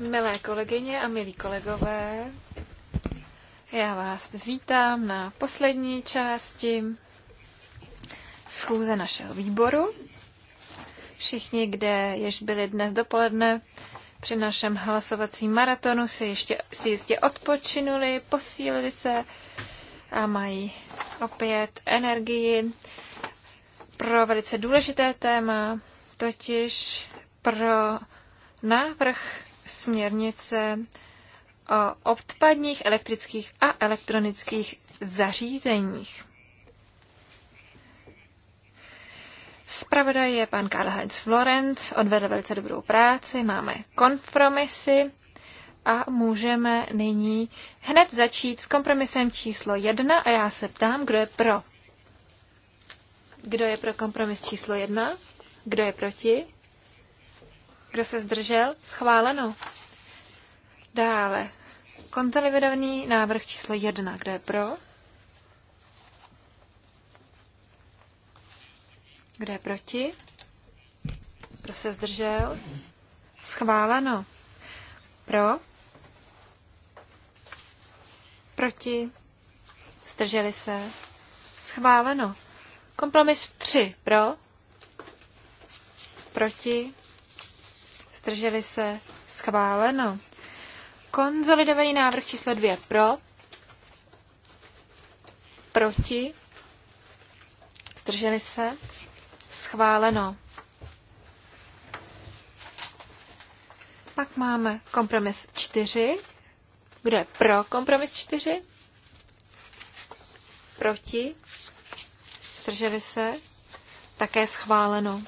Milé kolegyně a milí kolegové, já vás vítám na poslední části schůze našeho výboru. Všichni, kde jež byli dnes dopoledne při našem hlasovacím maratonu, si, ještě, si jistě odpočinuli, posílili se a mají opět energii pro velice důležité téma, totiž pro návrh směrnice o odpadních elektrických a elektronických zařízeních. Spravodaj je pan Karl Heinz Florenc, odvedl velice dobrou práci, máme kompromisy a můžeme nyní hned začít s kompromisem číslo jedna a já se ptám, kdo je pro. Kdo je pro kompromis číslo jedna? Kdo je proti? Kdo se zdržel? Schváleno. Dále. Konsolidovaný návrh číslo 1. Kdo je pro? Kdo je proti? Kdo se zdržel? Schváleno. Pro? Proti? Zdrželi se? Schváleno. Kompromis 3. Pro? Proti? zdrželi se, schváleno. Konzolidovaný návrh číslo 2 pro, proti, zdrželi se, schváleno. Pak máme kompromis 4. Kdo je pro kompromis 4? Proti? Zdrželi se? Také schváleno.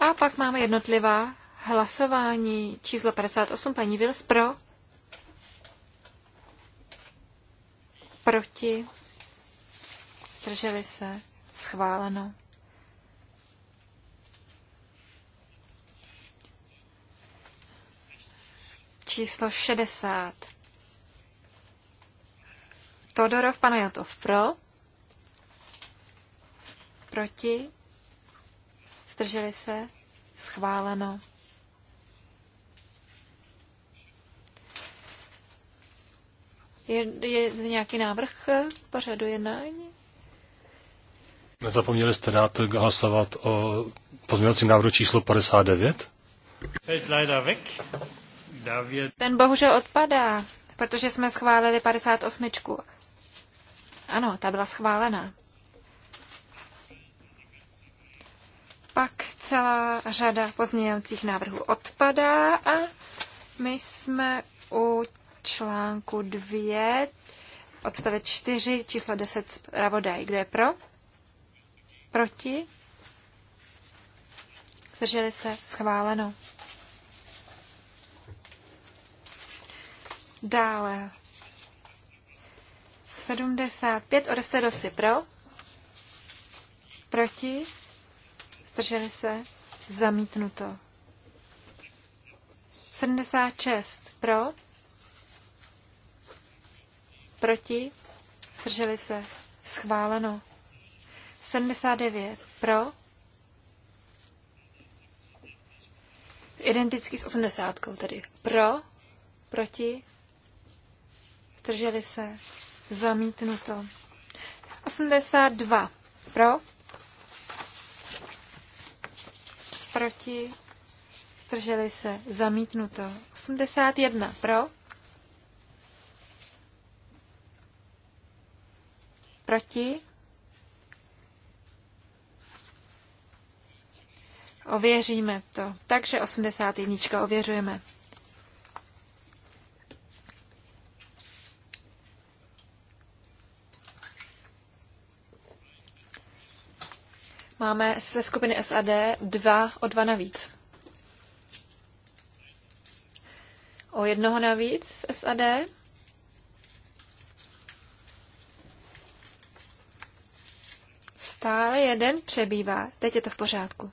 A pak máme jednotlivá hlasování číslo 58. Paní Vils pro. Proti. Zdrželi se. Schváleno. Číslo 60. Todorov Panajotov pro. Proti. Zdrželi se. Schváleno. Je, je nějaký návrh k pořadu jednání? Nezapomněli jste dát hlasovat o pozměňovacím návrhu číslo 59? Ten bohužel odpadá, protože jsme schválili 58. Ano, ta byla schválená. Pak celá řada pozměňovacích návrhů odpadá a my jsme u článku 2, odstavec 4, číslo 10, pravodaj. Kdo je pro? Proti? Zdrželi se? Schváleno. Dále. 75 Odeste do si pro. Proti. Zdrželi se. Zamítnuto. 76 pro proti, zdrželi se, schváleno. 79 pro, identický s 80, tedy pro, proti, zdrželi se, zamítnuto. 82 pro, proti, zdrželi se, zamítnuto. 81 pro, Proti? Ověříme to. Takže 81. ověřujeme. Máme ze skupiny SAD dva o dva navíc. O jednoho navíc z SAD. stále jeden přebývá. Teď je to v pořádku.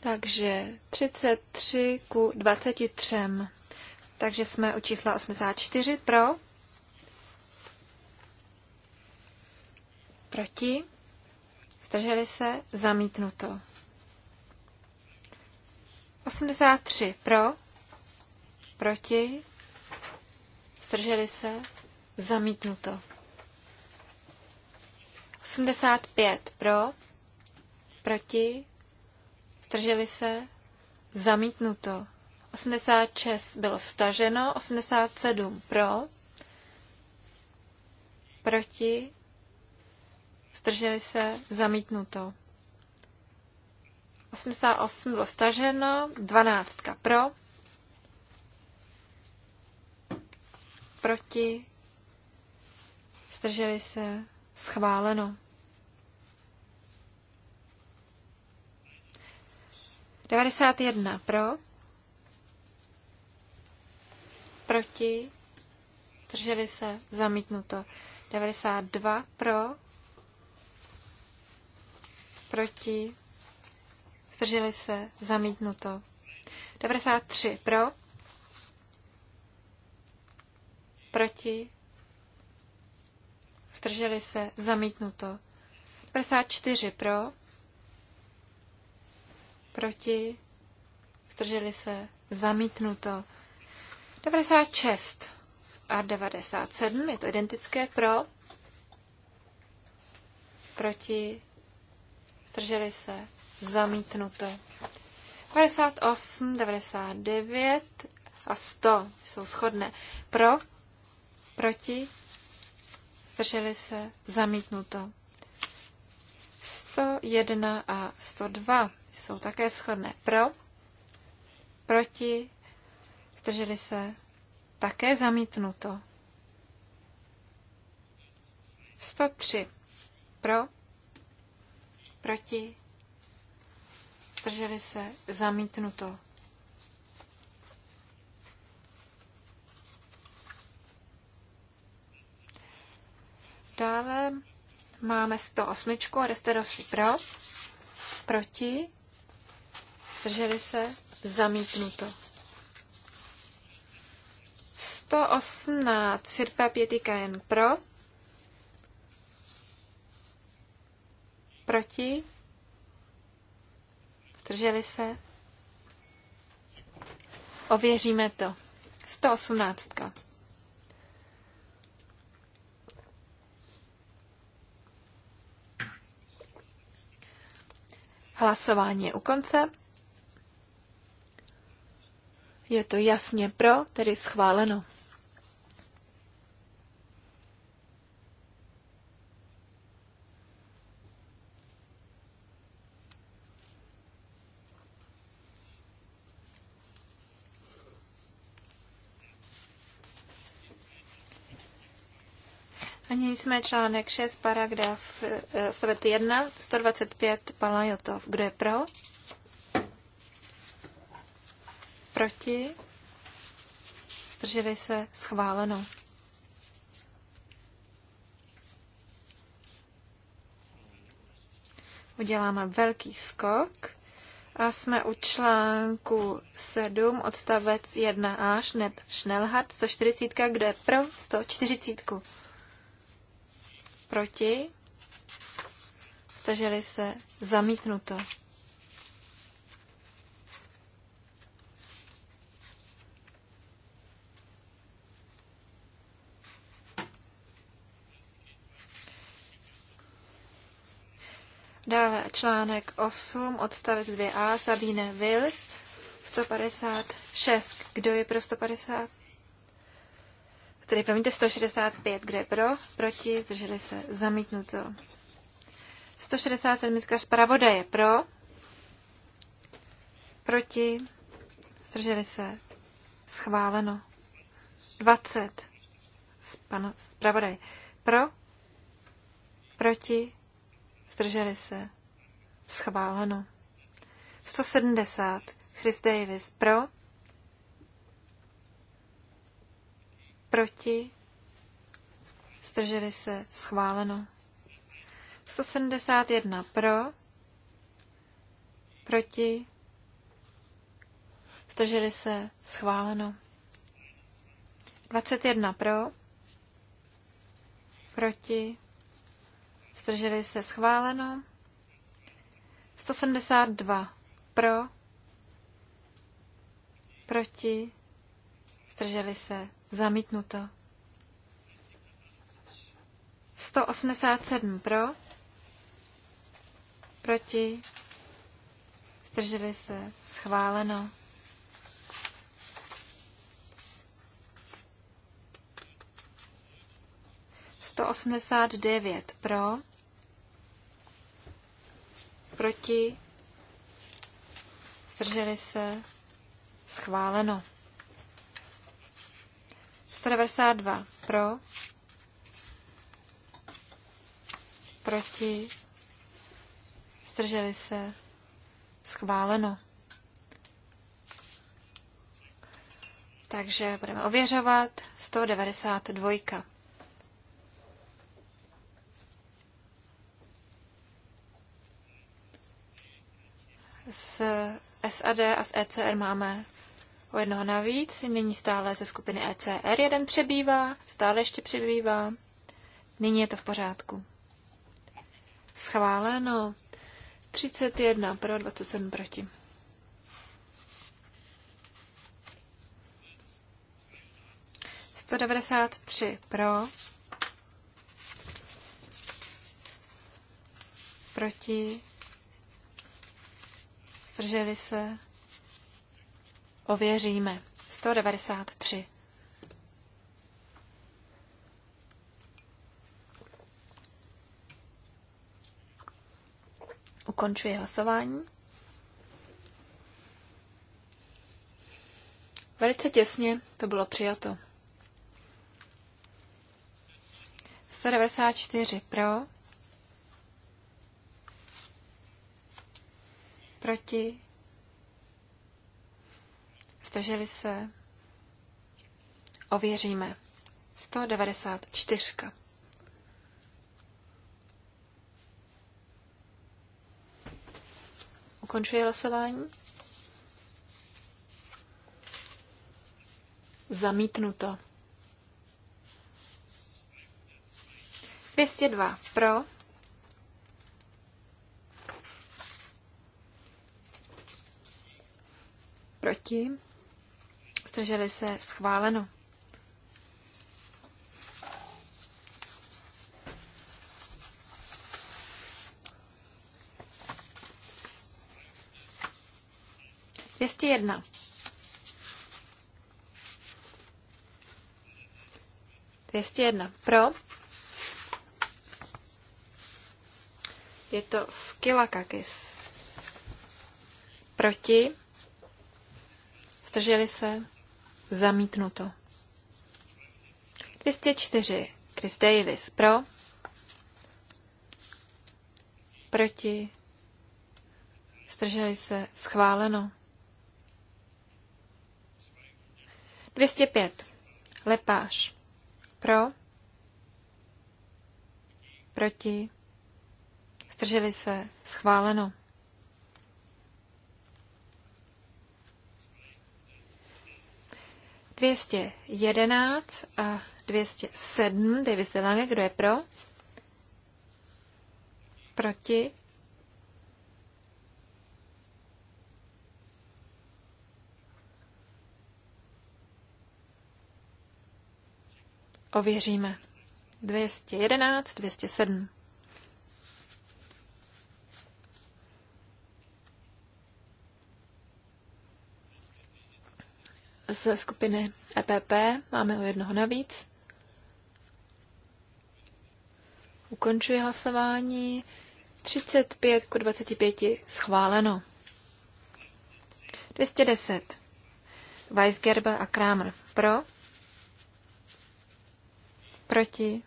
Takže 33 ku 23. Takže jsme u čísla 84 pro. Proti. Zdrželi se. Zamítnuto. 83 pro. Proti. Zdrželi se. Zamítnuto. 85 pro, proti, zdrželi se, zamítnuto. 86 bylo staženo, 87 pro, proti, zdrželi se, zamítnuto. 88 bylo staženo, 12 pro, proti, zdrželi se, Schváleno. Devadesát jedna pro. Proti. Drželi se. Zamítnuto. 92 pro. Proti. Zdrželi se. Zamítnuto. 93 pro. Proti zdrželi se, zamítnuto. 94 pro, proti, zdrželi se, zamítnuto. 96 a 97, je to identické pro, proti, zdrželi se, zamítnuto. 58, 99 a 100 jsou shodné. Pro, proti, zdrželi se, zamítnuto. 101 a 102 jsou také shodné. Pro, proti, zdrželi se, také zamítnuto. 103 pro, proti, zdrželi se, zamítnuto. Dále máme 108. Resterosi pro. Proti. Zdrželi se. Zamítnuto. 118. Sirpa kN pro. Proti. Zdrželi se. Ověříme to. 118. Hlasování je u konce. Je to jasně pro, tedy schváleno. Ani jsme článek 6, paragraf 1, eh, 125, Palajotov. Kdo je pro? Proti? Zdrželi se? Schváleno. Uděláme velký skok a jsme u článku 7, odstavec 1 až neb Schnellhardt, 140, kde je pro 140. Proti? Zdrželi se? Zamítnuto. Dále článek 8, odstavec 2a, Sabine Wills, 156. Kdo je pro 150? Tedy promiňte 165, kde je pro, proti, zdrželi se, zamítnuto. 167 je? pro, proti, zdrželi se, schváleno. 20 z pana zpravodaje pro, proti, zdrželi se, schváleno. 170 Chris Davis pro, proti, zdrželi se, schváleno. 171 pro, proti, zdrželi se, schváleno. 21 pro, proti, zdrželi se, schváleno. 172 pro, proti, zdrželi se, Zamítnuto. 187 pro, proti, zdrželi se, schváleno. Sto osmdesát devět pro, proti, zdrželi se, schváleno. 192 pro, proti, zdrželi se, schváleno. Takže budeme ověřovat 192. S SAD a s ECR máme o jednoho navíc, nyní stále ze skupiny ECR jeden přebývá, stále ještě přebývá, nyní je to v pořádku. Schváleno 31 pro 27 proti. Sto devadesát tři pro, proti, zdrželi se, Ověříme. 193. Ukončuji hlasování. Velice těsně to bylo přijato. 194 pro, proti, Zdrželi se? Ověříme. 194. Ukončuje hlasování. Zamítnuto. 202 pro. Zdrželi se schváleno. Dvěstě jedna. Dvěstě jedna. Pro. Je to kakis. Proti. Zdrželi se. Zamítnuto. 204. Chris Davis pro. Proti. Zdrželi se. Schváleno. 205. Lepáš. Pro. Proti. Zdrželi se. Schváleno. 211 a 207, Dej de Lange, kdo je pro? Proti? Ověříme. 211, 207. ze skupiny EPP, máme o jednoho navíc. Ukončuji hlasování. 35 ku 25 schváleno. 210. Weisgerber a Kramer pro. Proti.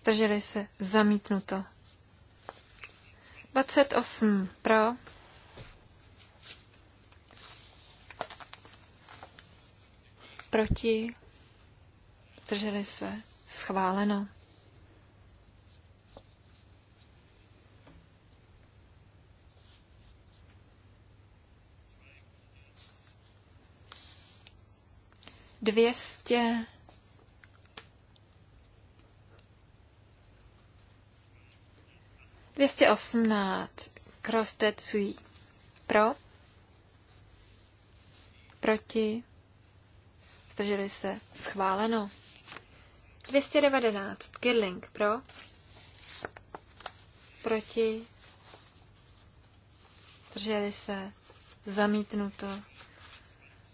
Zdrželi se. Zamítnuto. 28 pro. Proti? Drželi se? Schváleno. Dvěstě Dvěstě osmnáct. Krostecují. Pro? Proti? Zdrželi se. Schváleno. 219. Kirling. pro. Proti. Zdrželi se. Zamítnuto.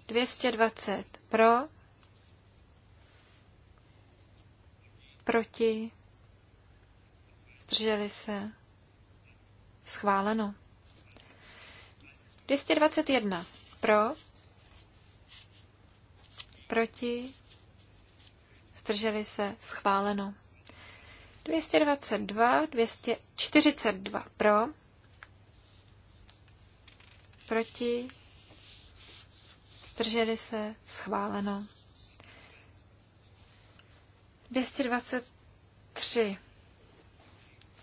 220. Pro. Proti. Zdrželi se. Schváleno. 221. Pro proti, zdrželi se, schváleno. 222, 242 pro, proti, zdrželi se, schváleno. 223.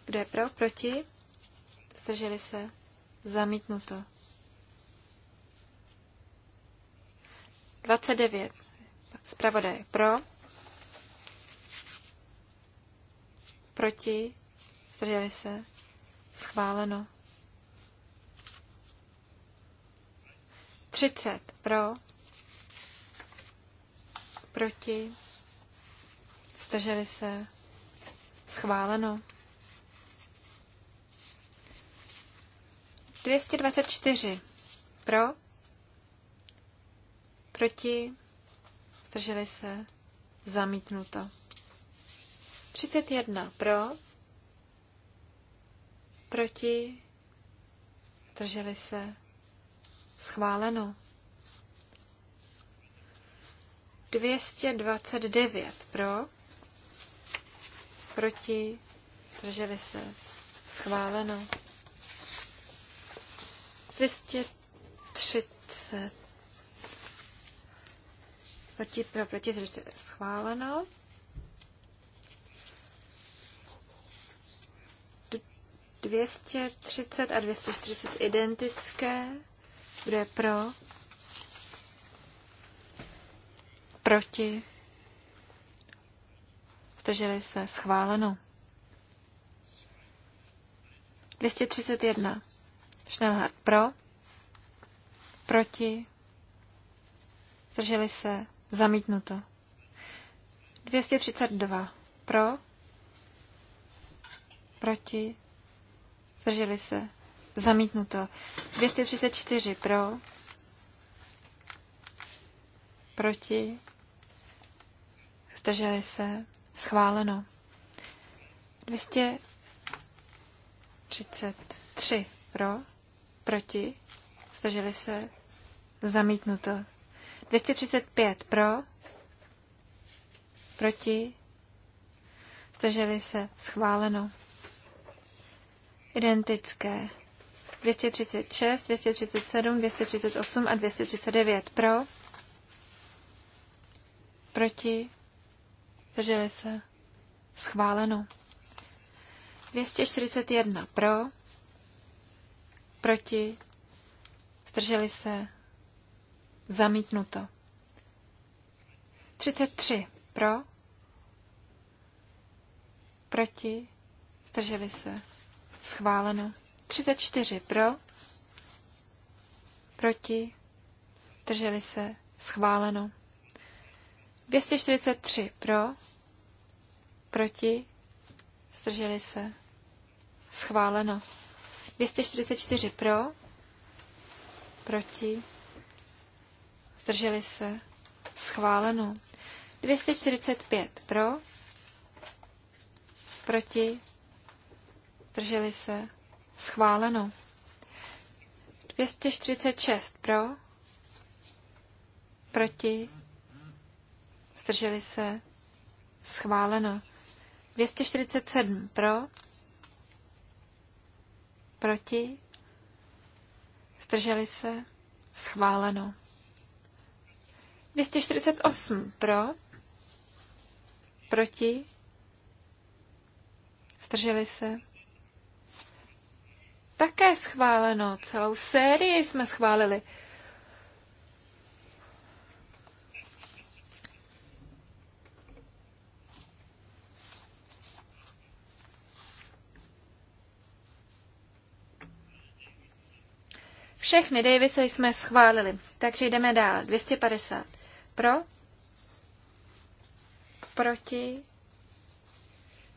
Kdo je pro, proti, zdrželi se, zamítnuto. 29 zpravodaje pro. Proti. Zdrželi se. Schváleno. 30 pro. Proti. Zdrželi se. Schváleno. 224 pro. Proti zdrželi se, zamítnuto. 31 pro, proti, zdrželi se, schváleno. 229 pro, proti, zdrželi se, schváleno. 230 proti, pro, proti, zdržte schváleno. D 230 a 240 identické. Kdo je pro? Proti? Zdrželi se schváleno. 231. Schnellhardt pro. Proti. Zdrželi se. Zamítnuto. 232. Pro. Proti. Zdrželi se. Zamítnuto. 234. Pro. Proti. Zdrželi se. Schváleno. 233. Pro. Proti. Zdrželi se. Zamítnuto. 235 pro, proti, zdrželi se, schváleno. Identické. 236, 237, 238 a 239 pro, proti, zdrželi se, schváleno. 241 pro, proti, zdrželi se, Zamítnuto. 33 pro, proti, zdrželi se, schváleno. 34 pro, proti, zdrželi se, schváleno. 243 pro, proti, zdrželi se, schváleno. 244 pro, proti, zdrželi se, schváleno. 245 pro, proti, zdrželi se, schváleno. 246 pro, proti, zdrželi se, schváleno. 247 pro, proti, zdrželi se, schváleno. 248 pro, proti, strželi se. Také schváleno, celou sérii jsme schválili. Všechny Davise jsme schválili, takže jdeme dál. 250. Pro? Proti?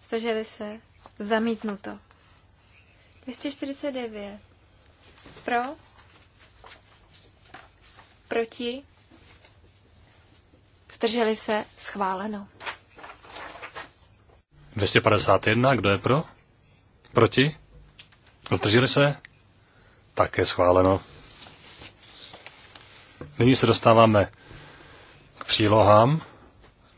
Zdrželi se? Zamítnuto. 249. Pro? Proti? Zdrželi se? Schváleno. 251. Kdo je pro? Proti? Zdrželi se? Také schváleno. Nyní se dostáváme přílohám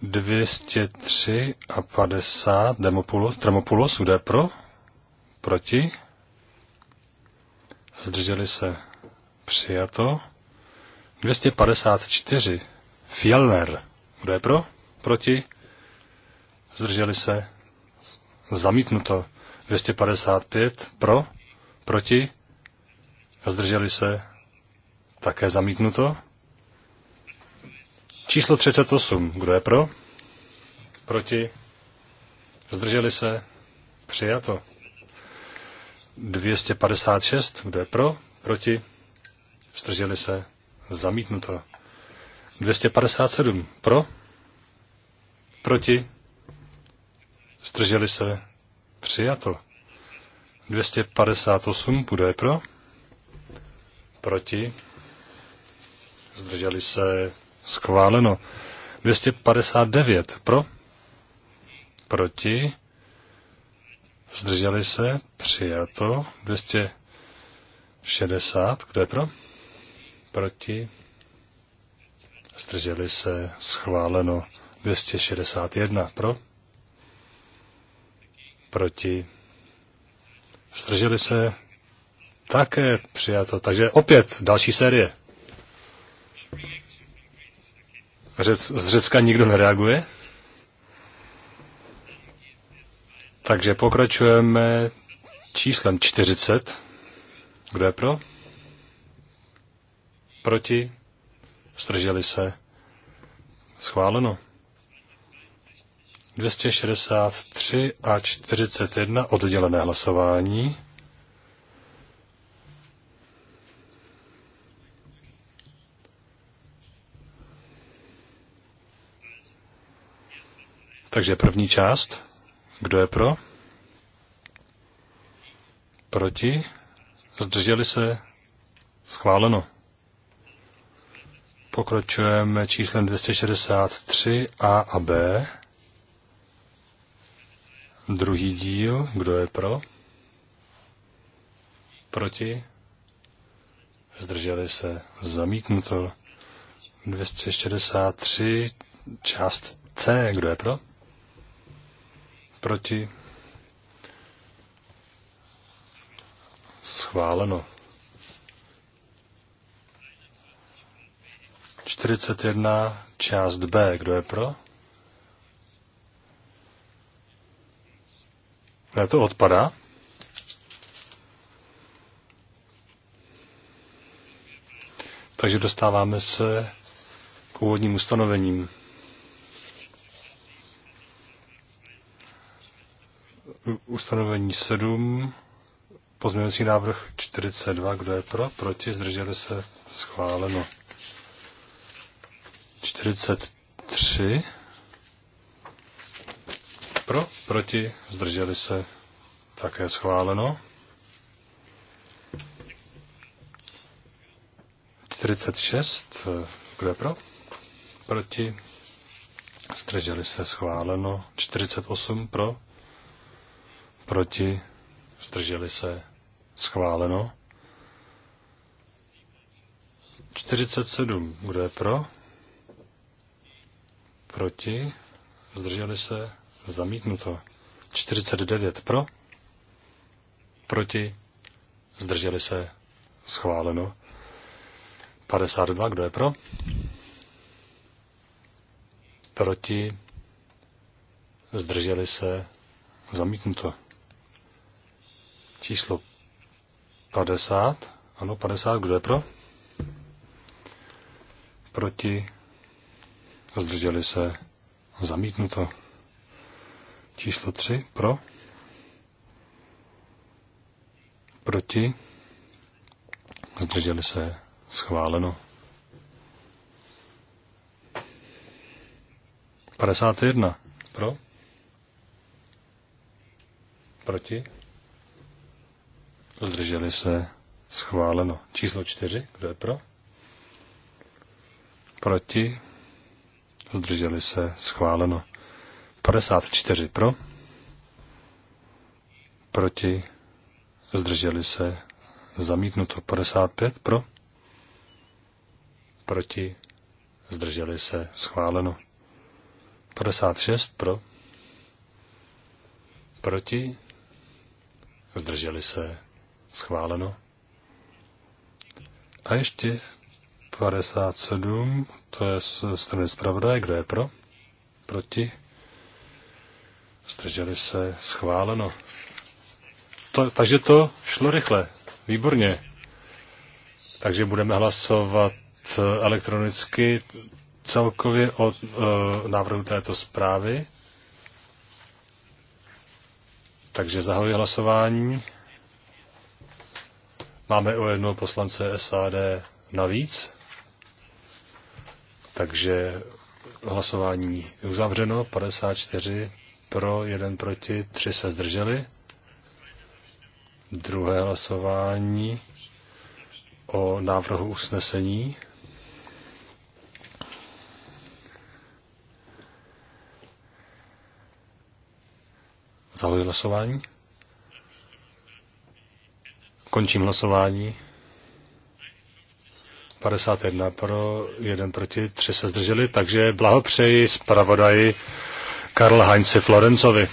203 a 50 Demopulus, Tremopulus kde pro, proti, zdrželi se přijato, 254 Fjellner, kdo pro, proti, zdrželi se zamítnuto, 255 pro, proti, zdrželi se také zamítnuto, Číslo 38. Kdo je pro? Proti? Zdrželi se? Přijato. 256. Kdo je pro? Proti? Zdrželi se? Zamítnuto. 257. Pro? Proti? Zdrželi se? Přijato. 258. Kdo je pro? Proti? Zdrželi se? Schváleno. 259 pro. Proti. Zdrželi se. Přijato. 260. Kdo je pro? Proti. Zdrželi se. Schváleno. 261 pro. Proti. Zdrželi se. Také přijato. Takže opět další série. Řec, z Řecka nikdo nereaguje? Takže pokračujeme číslem 40. Kdo je pro? Proti? Strželi se? Schváleno. 263 a 41 oddělené hlasování. Takže první část. Kdo je pro? Proti? Zdrželi se? Schváleno. Pokračujeme číslem 263 A a B. Druhý díl. Kdo je pro? Proti? Zdrželi se? Zamítnuto. 263 část C. Kdo je pro? Proti? Schváleno. 41 část B. Kdo je pro? Ne, to odpadá. Takže dostáváme se k úvodním ustanovením. ustanovení 7, pozměňovací návrh 42, kdo je pro, proti, zdrželi se, schváleno. 43, pro, proti, zdrželi se, také schváleno. 46, kdo je pro, proti, zdrželi se, schváleno. 48 pro, proti, zdrželi se, schváleno. 47, kdo je pro, proti, zdrželi se, zamítnuto. 49 pro, proti, zdrželi se, schváleno. 52, kdo je pro? Proti, zdrželi se, zamítnuto číslo 50. Ano, 50. Kdo je pro? Proti? Zdrželi se? Zamítnuto. Číslo 3. Pro? Proti? Zdrželi se? Schváleno. 51. Pro? Proti? Zdrželi se. Schváleno. Číslo čtyři. Kdo je pro? Proti? Zdrželi se. Schváleno. 54 pro. Proti? Zdrželi se. Zamítnuto. 55 pro. Proti? Zdrželi se. Schváleno. 56 pro. Proti? Zdrželi se. Schváleno. A ještě 57, to je z strany zpravodaje, kdo je pro? Proti? Zdrželi se, schváleno. To, takže to šlo rychle, výborně. Takže budeme hlasovat eh, elektronicky celkově o e, návrhu této zprávy. Takže zahajuji hlasování. Máme o jednoho poslance SAD navíc, takže hlasování je uzavřeno, 54 pro, jeden proti, tři se zdrželi. Druhé hlasování o návrhu usnesení. Zahajuji hlasování. Končím hlasování. 51 pro, 1 proti, 3 se zdrželi, takže blahopřeji zpravodaji Karl Heinze Florencovi.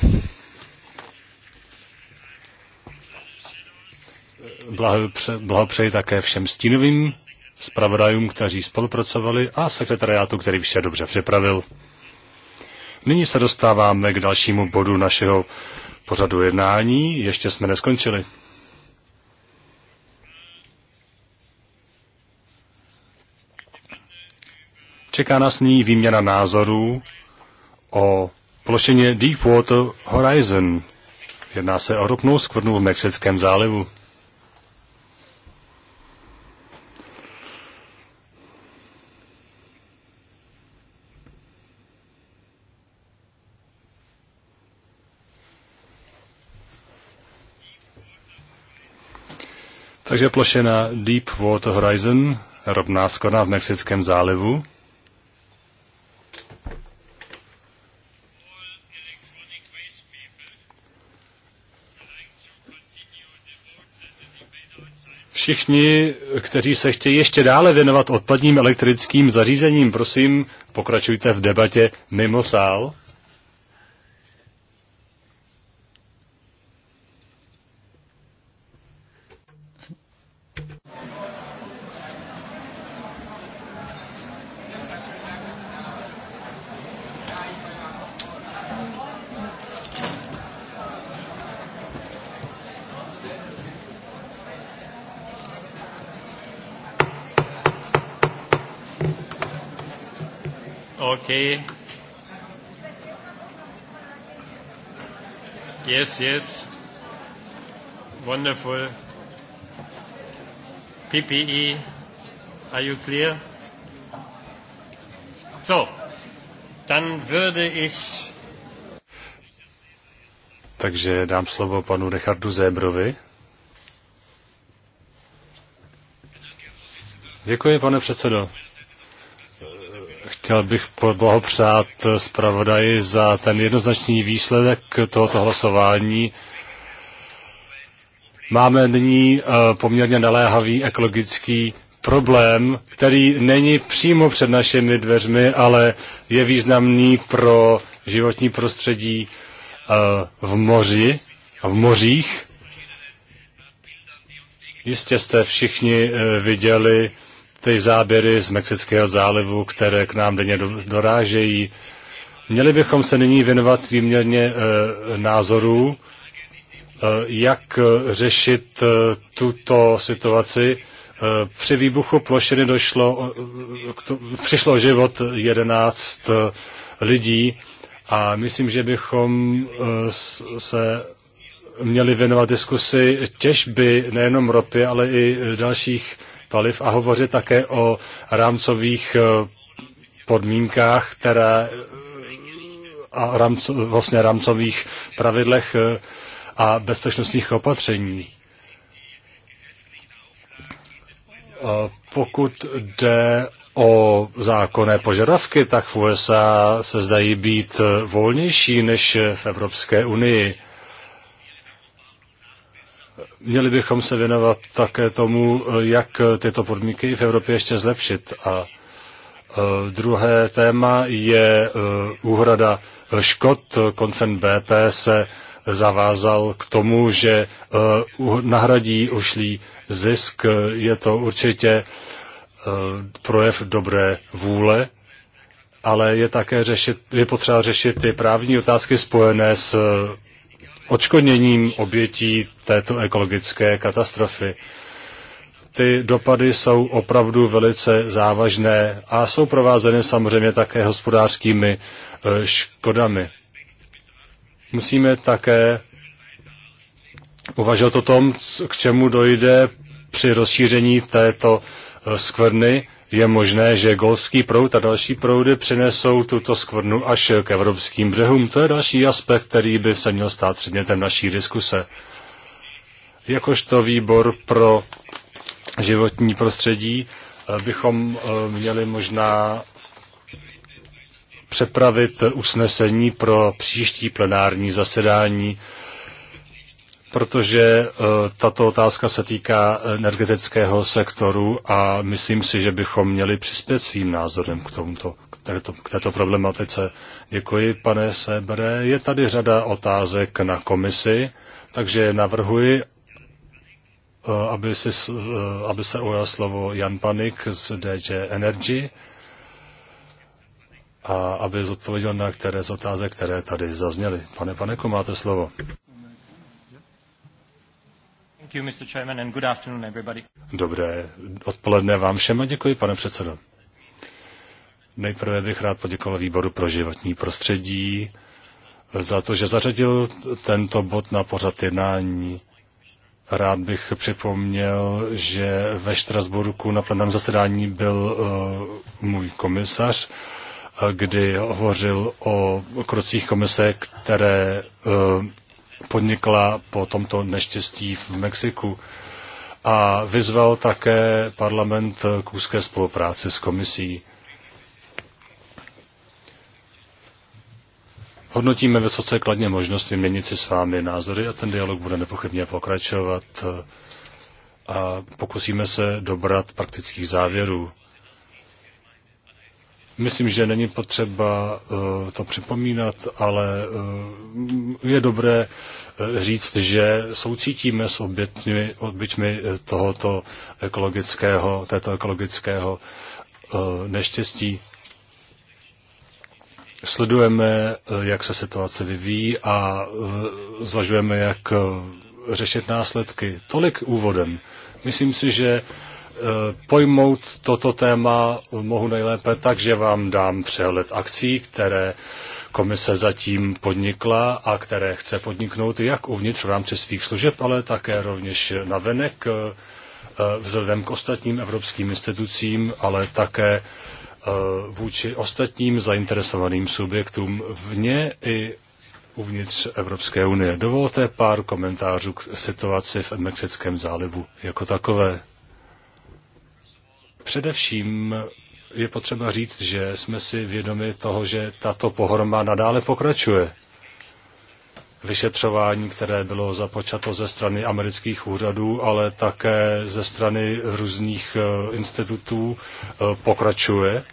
Blahopře, blahopřeji také všem stínovým zpravodajům, kteří spolupracovali a sekretariátu, který vše dobře připravil. Nyní se dostáváme k dalšímu bodu našeho pořadu jednání. Ještě jsme neskončili. Čeká nás nyní výměna názorů o plošině Deepwater Horizon. Jedná se o ropnou skvrnu v Mexickém zálivu. Takže plošina Deep Water Horizon, ropná skvrna v Mexickém zálivu. Všichni, kteří se chtějí ještě dále věnovat odpadním elektrickým zařízením, prosím, pokračujte v debatě mimo sál. okay. Yes, yes. Wonderful. PPE, are you clear? So, dann würde ich. Takže dám slovo panu Richardu Zébrovi. Děkuji, pane předsedo. Chtěl bych poblahopřát zpravodaji za ten jednoznačný výsledek tohoto hlasování. Máme nyní eh, poměrně naléhavý ekologický problém, který není přímo před našimi dveřmi, ale je významný pro životní prostředí eh, v moři a v mořích. Jistě jste všichni eh, viděli ty záběry z Mexického zálivu, které k nám denně dorážejí. Měli bychom se nyní věnovat výměrně eh, názorů, eh, jak řešit eh, tuto situaci. Při výbuchu plošiny došlo, přišlo život 11 lidí a myslím, že bychom se měli věnovat diskusi těžby nejenom ropy, ale i dalších paliv a hovořit také o rámcových eh, podmínkách, které a rámco, vlastně rámcových pravidlech eh, a bezpečnostních opatření. Eh, pokud jde o zákonné požadavky, tak v USA se zdají být volnější než v Evropské unii měli bychom se věnovat také tomu, jak tyto podmínky v Evropě ještě zlepšit. A e, druhé téma je e, úhrada škod. Koncern BP se zavázal k tomu, že e, nahradí ušlý zisk. Je to určitě projev dobré vůle, ale je také řešit, je potřeba řešit ty právní otázky spojené s odškodněním obětí této ekologické katastrofy. Ty dopady jsou opravdu velice závažné a jsou provázeny samozřejmě také hospodářskými eh, škodami. Musíme také uvažovat o tom, k čemu dojde při rozšíření této eh, skvrny je možné, že golfský proud a další proudy přinesou tuto skvrnu až k evropským břehům. To je další aspekt, který by se měl stát předmětem naší diskuse. Jakožto výbor pro životní prostředí eh, bychom eh, měli možná přepravit usnesení pro příští plenární zasedání protože eh, tato otázka se týká energetického sektoru a myslím si, že bychom měli přispět svým názorem k, tomuto, k, této, k této problematice. Děkuji, pane Sebre. Je tady řada otázek na komisi, takže navrhuji, eh, aby, si, eh, aby se ujal slovo Jan Panik z DG Energy a aby zodpověděl na které z otázek, které tady zazněly. Pane Paneko, máte slovo. Dobré odpoledne vám všem a děkuji, pane předsedo. Nejprve bych rád poděkoval výboru pro životní prostředí za to, že zařadil tento bod na pořad jednání. Rád bych připomněl, že ve Štrasburku na plném zasedání byl uh, můj komisař, eh, kdy hovořil o krocích komise, které uh, podnikla po tomto neštěstí v Mexiku a vyzval také parlament k úzké spolupráci s komisí. Hodnotíme vysoce kladně možnost vyměnit si s vámi názory a ten dialog bude nepochybně pokračovat a pokusíme se dobrat praktických závěrů. Myslím, že není potřeba eh, to připomínat, ale eh, je dobré eh, říct, že soucítíme s obětmi, obětmi tohoto ekologického, této ekologického neštěstí. Sledujeme, jak se situace vyvíjí a zvažujeme, jak řešit následky. Tolik úvodem. Myslím si, že Eh, pojmout toto téma mohu nejlépe tak, že vám dám přehled akcí, které komise zatím podnikla a které chce podniknout jak uvnitř v rámci svých služeb, ale také rovněž navenek eh, eh, vzhledem k ostatním evropským institucím, ale také vůči ostatním zainteresovaným subjektům vně i uvnitř Evropské unie. Dovolte pár komentářů k situaci v Mexickém zálivu jako takové. Především je potřeba říct, že jsme si vědomi toho, že tato pohroma nadále pokračuje. Vyšetřování, které bylo započato ze strany amerických úřadů, ale také ze strany různých eh, institutů, eh, pokračuje.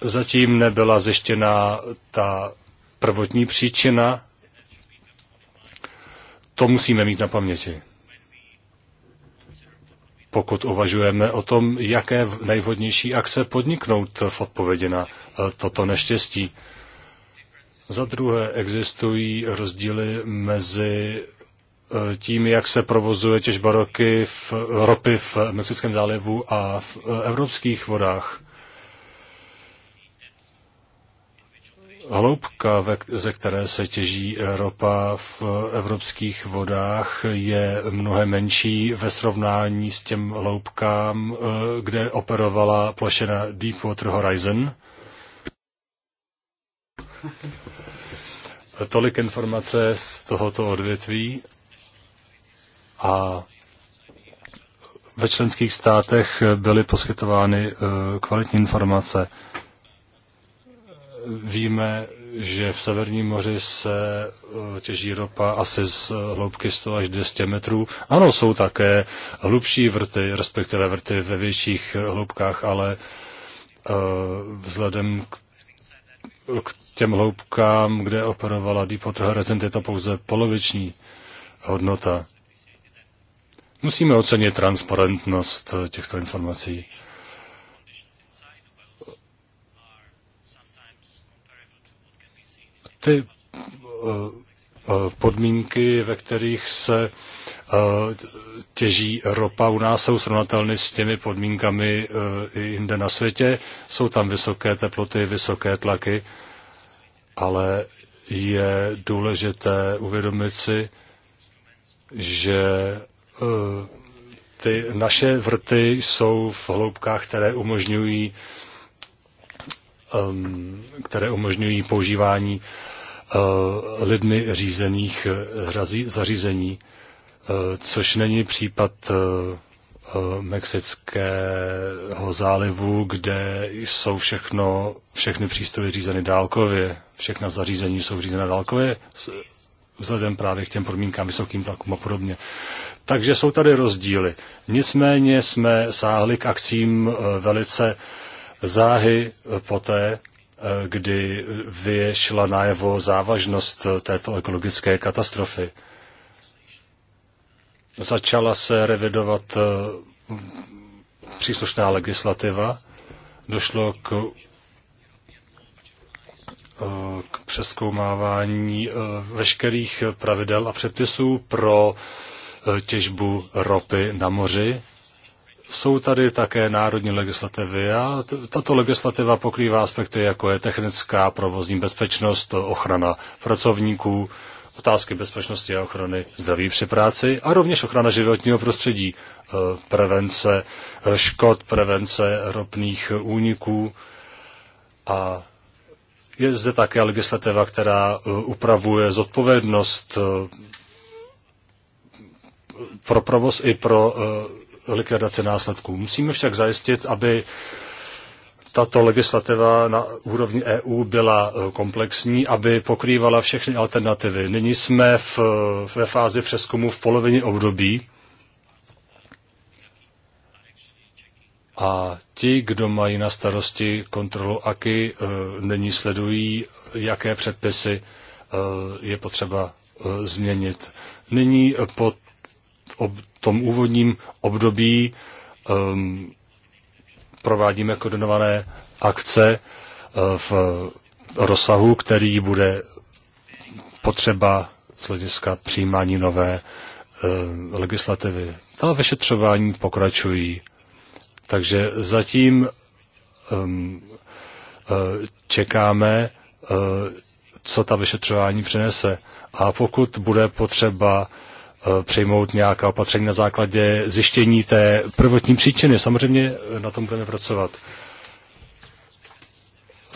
Zatím nebyla zjištěna ta prvotní příčina. To musíme mít na paměti pokud uvažujeme o tom, jaké nejvhodnější akce podniknout v odpovědi na eh, toto neštěstí. Za druhé, existují rozdíly mezi eh, tím, jak se provozuje těžba roky v, ropy v Mexickém zálivu a v eh, evropských vodách. hloubka, ze které se těží ropa v evropských vodách, je mnohem menší ve srovnání s těm hloubkám, eh, kde operovala plošina Deepwater Horizon. Tolik informace z tohoto odvětví a ve členských státech byly poskytovány eh, kvalitní informace Víme, že v Severním moři se eh, těží ropa asi z eh, hloubky 100 až 200 metrů. Ano, jsou také hlubší vrty, respektive vrty ve větších eh, hloubkách, ale vzhledem k, k těm hloubkám, kde operovala Deepwater Horizon, je to pouze poloviční hodnota. Musíme ocenit transparentnost těchto informací. ty eh, eh, podmínky, ve kterých se eh, těží ropa u nás, jsou srovnatelné s těmi podmínkami i jinde na světě. Jsou tam vysoké teploty, vysoké tlaky, ale je důležité uvědomit si, že ty naše vrty jsou v hloubkách, které umožňují, ehm, které umožňují používání Eh, lidmi řízených eh, zařízení, eh, což není případ Mexického zálivu, kde jsou všechno, všechny přístroje řízeny dálkově, všechna zařízení jsou řízena dálkově, vzhledem právě k těm podmínkám, vysokým tlakům a podobně. Takže jsou tady rozdíly. Nicméně jsme sáhli k akcím velice záhy poté, Eh, kdy vyšla najevo závažnost eh, této ekologické katastrofy. Začala se revidovat eh, příslušná legislativa, došlo k, k přeskoumávání veškerých pravidel a předpisů pro těžbu ropy na moři jsou tady také národní legislativy a tato legislativa pokrývá aspekty, jako je technická, provozní bezpečnost, ochrana pracovníků, otázky bezpečnosti a ochrany zdraví při práci a rovněž ochrana životního prostředí, e, prevence e, škod, prevence ropných úniků a je zde také legislativa, která e, upravuje zodpovědnost pro provoz i pro likvidace následků. Musíme však zajistit, aby tato legislativa na úrovni EU byla eh, komplexní, aby pokrývala všechny alternativy. Nyní jsme v, eh, ve fázi přeskumu v polovině období a ti, kdo mají na starosti kontrolu AKY, eh, nyní sledují, jaké předpisy je potřeba změnit. Nyní pod ob, tom úvodním období um, provádíme koordinované akce eh, v rozsahu, který bude potřeba z hlediska přijímání nové e, legislativy. Ta vyšetřování pokračují. Takže zatím um, e, čekáme, e, co ta vyšetřování přinese. A pokud bude potřeba Eh, přijmout nějaká opatření na základě zjištění té prvotní příčiny. Samozřejmě eh, na tom budeme pracovat.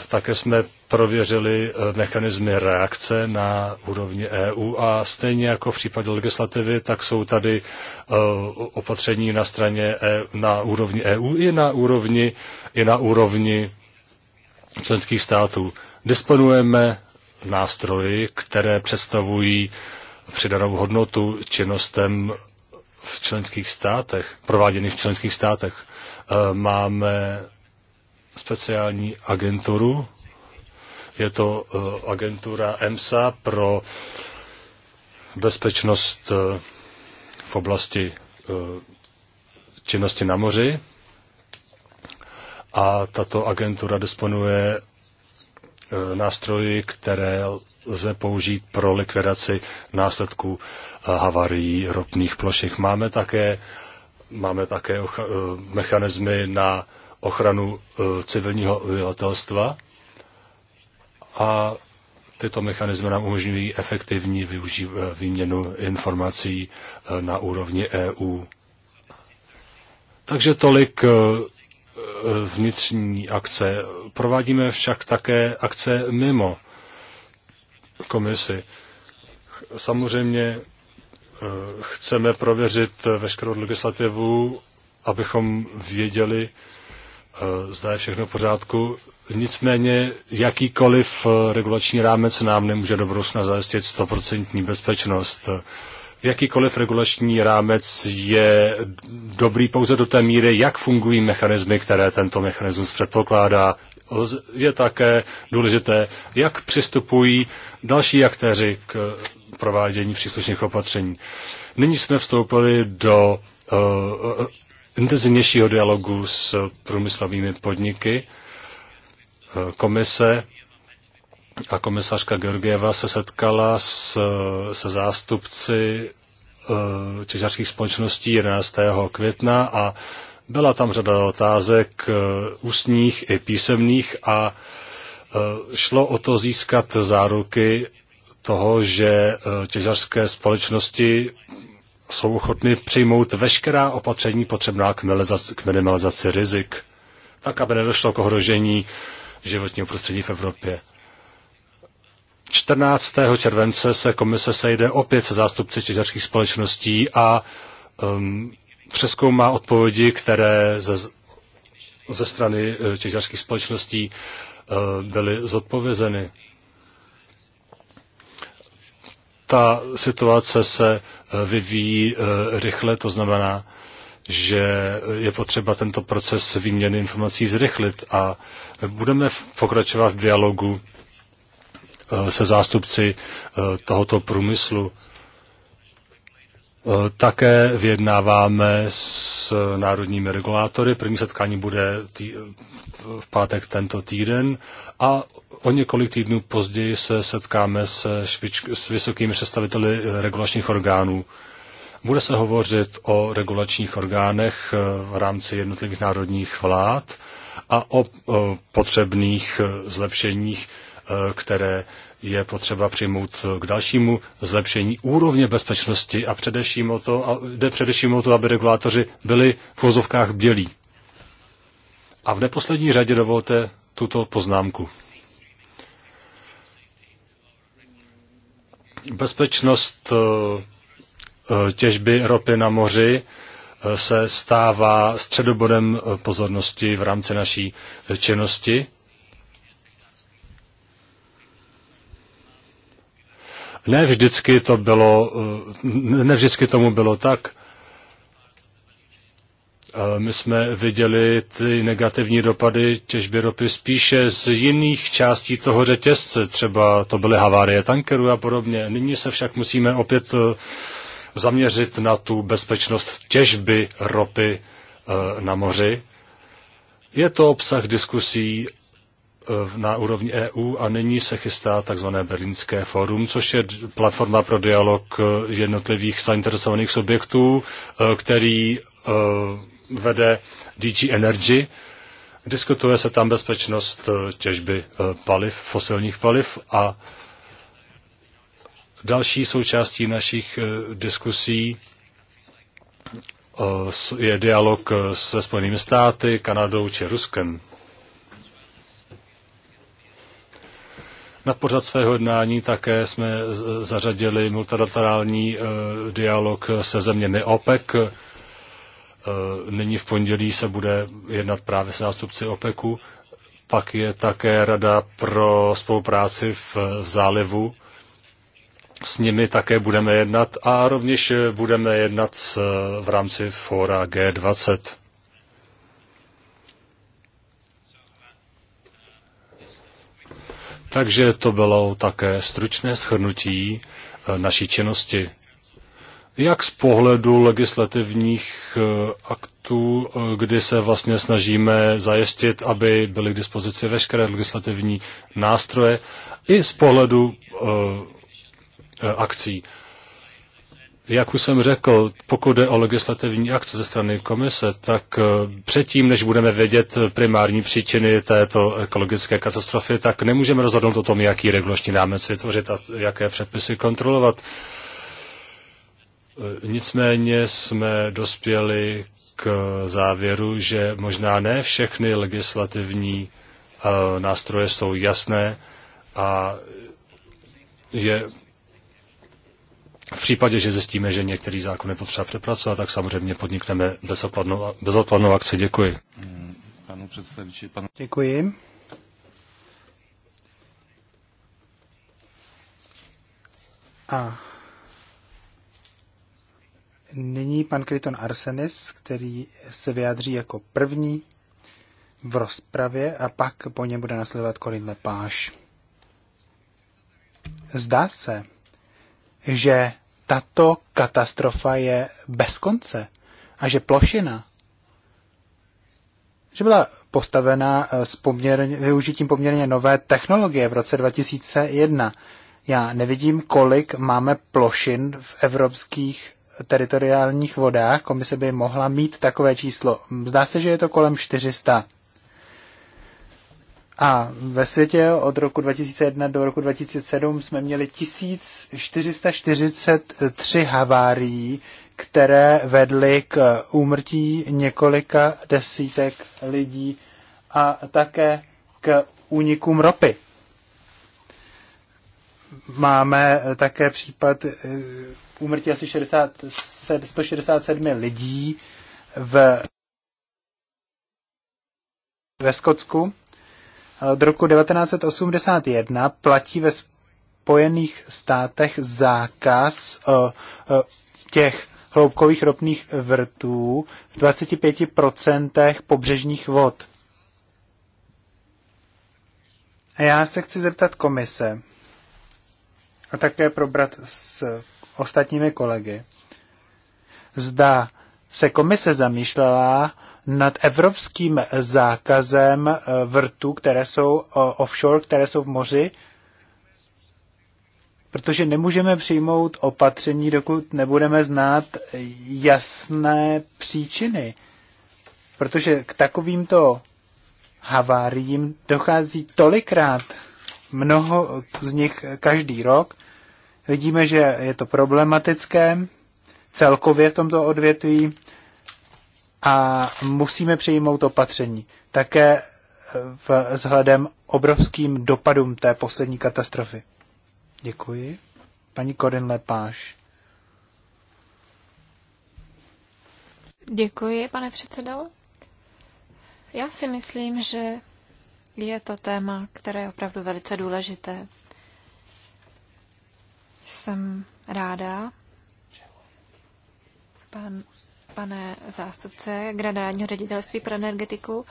Také jsme prověřili eh, mechanismy reakce na úrovni EU a stejně jako v případě legislativy, tak jsou tady opatření na straně e, na úrovni EU i na úrovni, i na úrovni členských států. Disponujeme nástroji, které představují přidanou hodnotu činnostem v členských státech, prováděných v členských státech. Eh, máme speciální agenturu, je to eh, agentura EMSA pro bezpečnost eh, v oblasti činnosti na moři. A tato agentura disponuje nástroji, které lze použít pro likvidaci následků eh, havarií ropných plošek. Máme také, máme také eh, mechanismy na ochranu eh, civilního obyvatelstva a tyto mechanismy nám umožňují efektivní využív- výměnu informací na úrovni EU. Takže tolik vnitřní akce. Provádíme však také akce mimo komisi. Samozřejmě eh, chceme prověřit eh, veškerou legislativu, abychom věděli, eh, zda je všechno v pořádku. Nicméně jakýkoliv regulační rámec nám nemůže do budoucna zajistit 100% bezpečnost. Jakýkoliv regulační rámec je dobrý pouze do té míry, jak fungují mechanismy, které tento mechanismus předpokládá je také důležité, jak přistupují další aktéři k provádění příslušných opatření. Nyní jsme vstoupili do uh, intenzivnějšího dialogu s průmyslovými podniky. Eh, komise a komisařka Georgieva se setkala s, se zástupci uh, těžařských společností 11. května a byla tam řada otázek eh, ústních i písemných a eh, šlo o to získat záruky toho, že eh, těžařské společnosti jsou ochotny přijmout veškerá opatření potřebná k minimalizaci, k minimalizaci rizik, tak aby nedošlo k ohrožení životního prostředí v Evropě. 14. července se komise sejde opět se zástupci těžařských společností a um, přeskoumá odpovědi, které ze, ze strany eh, těžařských společností eh, byly zodpovězeny. Ta situace se eh, vyvíjí rychle, to znamená, že je potřeba tento proces výměny informací zrychlit a budeme pokračovat v dialogu se zástupci tohoto průmyslu. Eh, také vyjednáváme s národními regulátory. První setkání bude tý, eh, v pátek tento týden a o několik týdnů později se setkáme se švič, s vysokými představiteli regulačních orgánů. Bude se hovořit o regulačních orgánech eh, v rámci jednotlivých národních vlád a o potřebných zlepšeních, které je potřeba přijmout k dalšímu zlepšení úrovně bezpečnosti a především o to, a jde především o to, aby regulátoři byli v vozovkách bělí. A v neposlední řadě dovolte tuto poznámku. Bezpečnost eh, eh, těžby ropy na moři eh, se stává středobodem pozornosti v rámci naší činnosti Ne vždycky, to bylo, eh, ne vždycky tomu bylo tak. My jsme viděli ty negativní dopady těžby ropy spíše z jiných částí toho řetězce, třeba to byly havárie tankerů a podobně. Nyní se však musíme opět eh, zaměřit na tu bezpečnost těžby ropy eh, na moři. Je to obsah diskusí Eh, na úrovni EU a nyní se chystá tzv. Berlínské fórum, což je platforma pro dialog eh, jednotlivých zainteresovaných subjektů, eh, který vede DG Energy. Diskutuje se tam bezpečnost těžby paliv, fosilních paliv a další součástí našich diskusí je dialog se Spojenými státy, Kanadou či Ruskem. Na pořad svého jednání také jsme zařadili multilaterální eh, dialog se zeměmi e OPEC. Eh, nyní v pondělí se bude jednat právě se zástupci OPECu. Pak je také Rada pro spolupráci v zálivu. S nimi také budeme jednat a rovněž budeme jednat v rámci fóra G20. Takže to bylo také stručné shrnutí eh, naší činnosti. Jak z pohledu legislativních eh, aktů, eh, kdy se vlastně snažíme zajistit, aby byly k dispozici veškeré legislativní nástroje, i z pohledu akcí. Jak už jsem řekl, pokud jde o legislativní akce ze strany komise, tak eh, předtím, než budeme vědět primární příčiny této ekologické katastrofy, tak nemůžeme rozhodnout o tom, jaký regulační námec vytvořit a jaké předpisy kontrolovat. Eh, nicméně jsme dospěli k závěru, že možná ne všechny legislativní eh, nástroje jsou jasné a je v případě, že zjistíme, že některý zákon je potřeba přepracovat, tak samozřejmě podnikneme bezodkladnou, bezodkladnou akci. Děkuji. Mm, panu představiči, panu... Děkuji. A nyní pan Kryton Arsenis, který se vyjádří jako první v rozpravě a pak po něm bude nasledovat Colin Lepáš. Zdá se, že tato katastrofa je bez konce a že plošina, že byla postavena eh, s poměrně, využitím poměrně nové technologie v roce 2001. Já nevidím, kolik máme plošin v evropských teritoriálních vodách. Komise by mohla mít takové číslo. Zdá se, že je to kolem 400 a ve světě od roku 2001 do roku 2007 jsme měli 1443 havárií, které vedly k úmrtí několika desítek lidí a také k únikům ropy. Máme také případ eh, úmrtí asi 60, 167 lidí v, ve Skotsku od roku 1981 platí ve Spojených státech zákaz eh, eh, těch hloubkových ropných vrtů v 25% pobřežních vod. A já se chci zeptat komise a také probrat s ostatními kolegy, zda se komise zamýšlela nad evropským zákazem eh, vrtů, které jsou offshore, které jsou v moři, protože nemůžeme přijmout opatření, dokud nebudeme znát jasné příčiny. Protože k takovýmto haváriím dochází tolikrát, mnoho z nich každý rok. Vidíme, že je to problematické celkově v tomto odvětví a musíme přijmout opatření. Také eh, vzhledem obrovským dopadům té poslední katastrofy. Děkuji. Paní Korin Lepáš. Děkuji, pane předsedo. Já si myslím, že je to téma, které je opravdu velice důležité. Jsem ráda, pan pane zástupce generálního ředitelství pro energetiku.